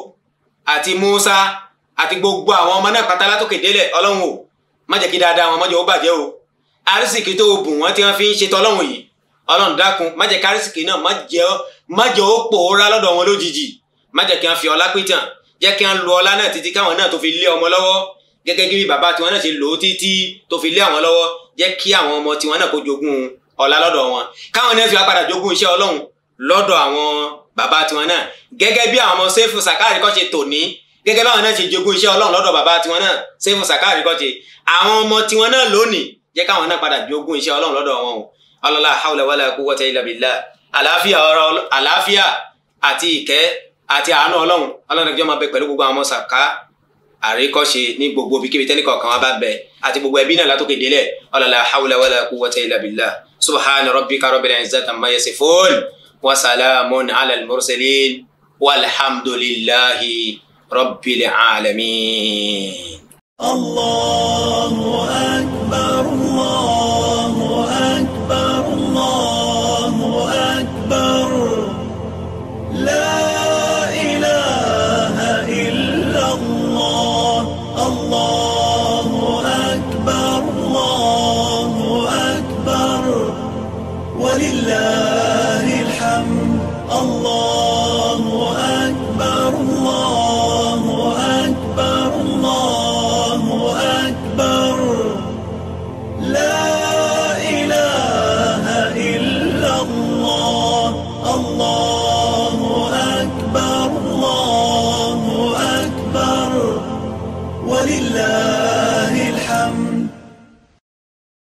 àti Musa àti gbogbo àwọn ọmọ náà pátá látòkè délẹ̀ ọlọ́run o má jẹ́ kí dáadáa wọn má jẹ́ ó bàjẹ́ o àrísìkì tó o bùn wọ́n tí wọ́n fi ń ṣe tọ́lọ́run yìí ọlọ́run dákun má jẹ́ kárísìkì náà má jẹ́ ó pòórá lọ́dọ̀ wọn lójijì má jẹ́ kí wọ́n fi ọlá pìtàn jẹ́ kí wọ́n lo ọlá náà títí káwọn náà tó fi lé ọmọ lọ́wọ́ gẹ́gẹ́ bí bàbá tiwọn náà ṣe lò ó títí tó fi lé àwọn lọ́wọ́ jẹ́ kí àwọn ọmọ tiwọn náà kó jogún ọlá lọ́dọ̀ wọn káwọn náà fi padà jogún iṣẹ́ ọlọ́run lọ́dọ̀ àwọn bàbá tiwọn náà gẹ́gẹ́ bí àwọn ọmọ sẹ́fù sàkárì kọ́ ṣe tò ní gẹ́gẹ́ báwọn náà ṣe jogún iṣẹ́ ọlọ́run lọ́dọ̀ bàbá tiwọn náà sẹ́fún sàkáàrí kọ́ ti àwọn ọmọ tiwọn náà lónìí jẹ́ káwọn náà padà jogún iṣẹ́ ọlọ́run lọ́dọ̀ wọn o alọ́lá haúlá wàlá quwwata illa billah àlàáfíà ọ̀rọ̀ àlàáfíà àti ìkẹ́ àti àánú ọlọ́run ọlọ́run ẹgbẹ́ máa bẹ pẹ̀lú gbogbo àwọn sàká àríkọ́ṣe ní gbogbo ibikíbi tẹ́nì kọ̀ọ̀kan wa bá bẹ àti gbogbo ẹbí náà látòkè délẹ̀ alọ́lá haúlá wàlá quwwata illa billah subhana rabbika rabbil izzati amma yasifun wa salamun ala al rabbil alamin. Allahu akbar Allah.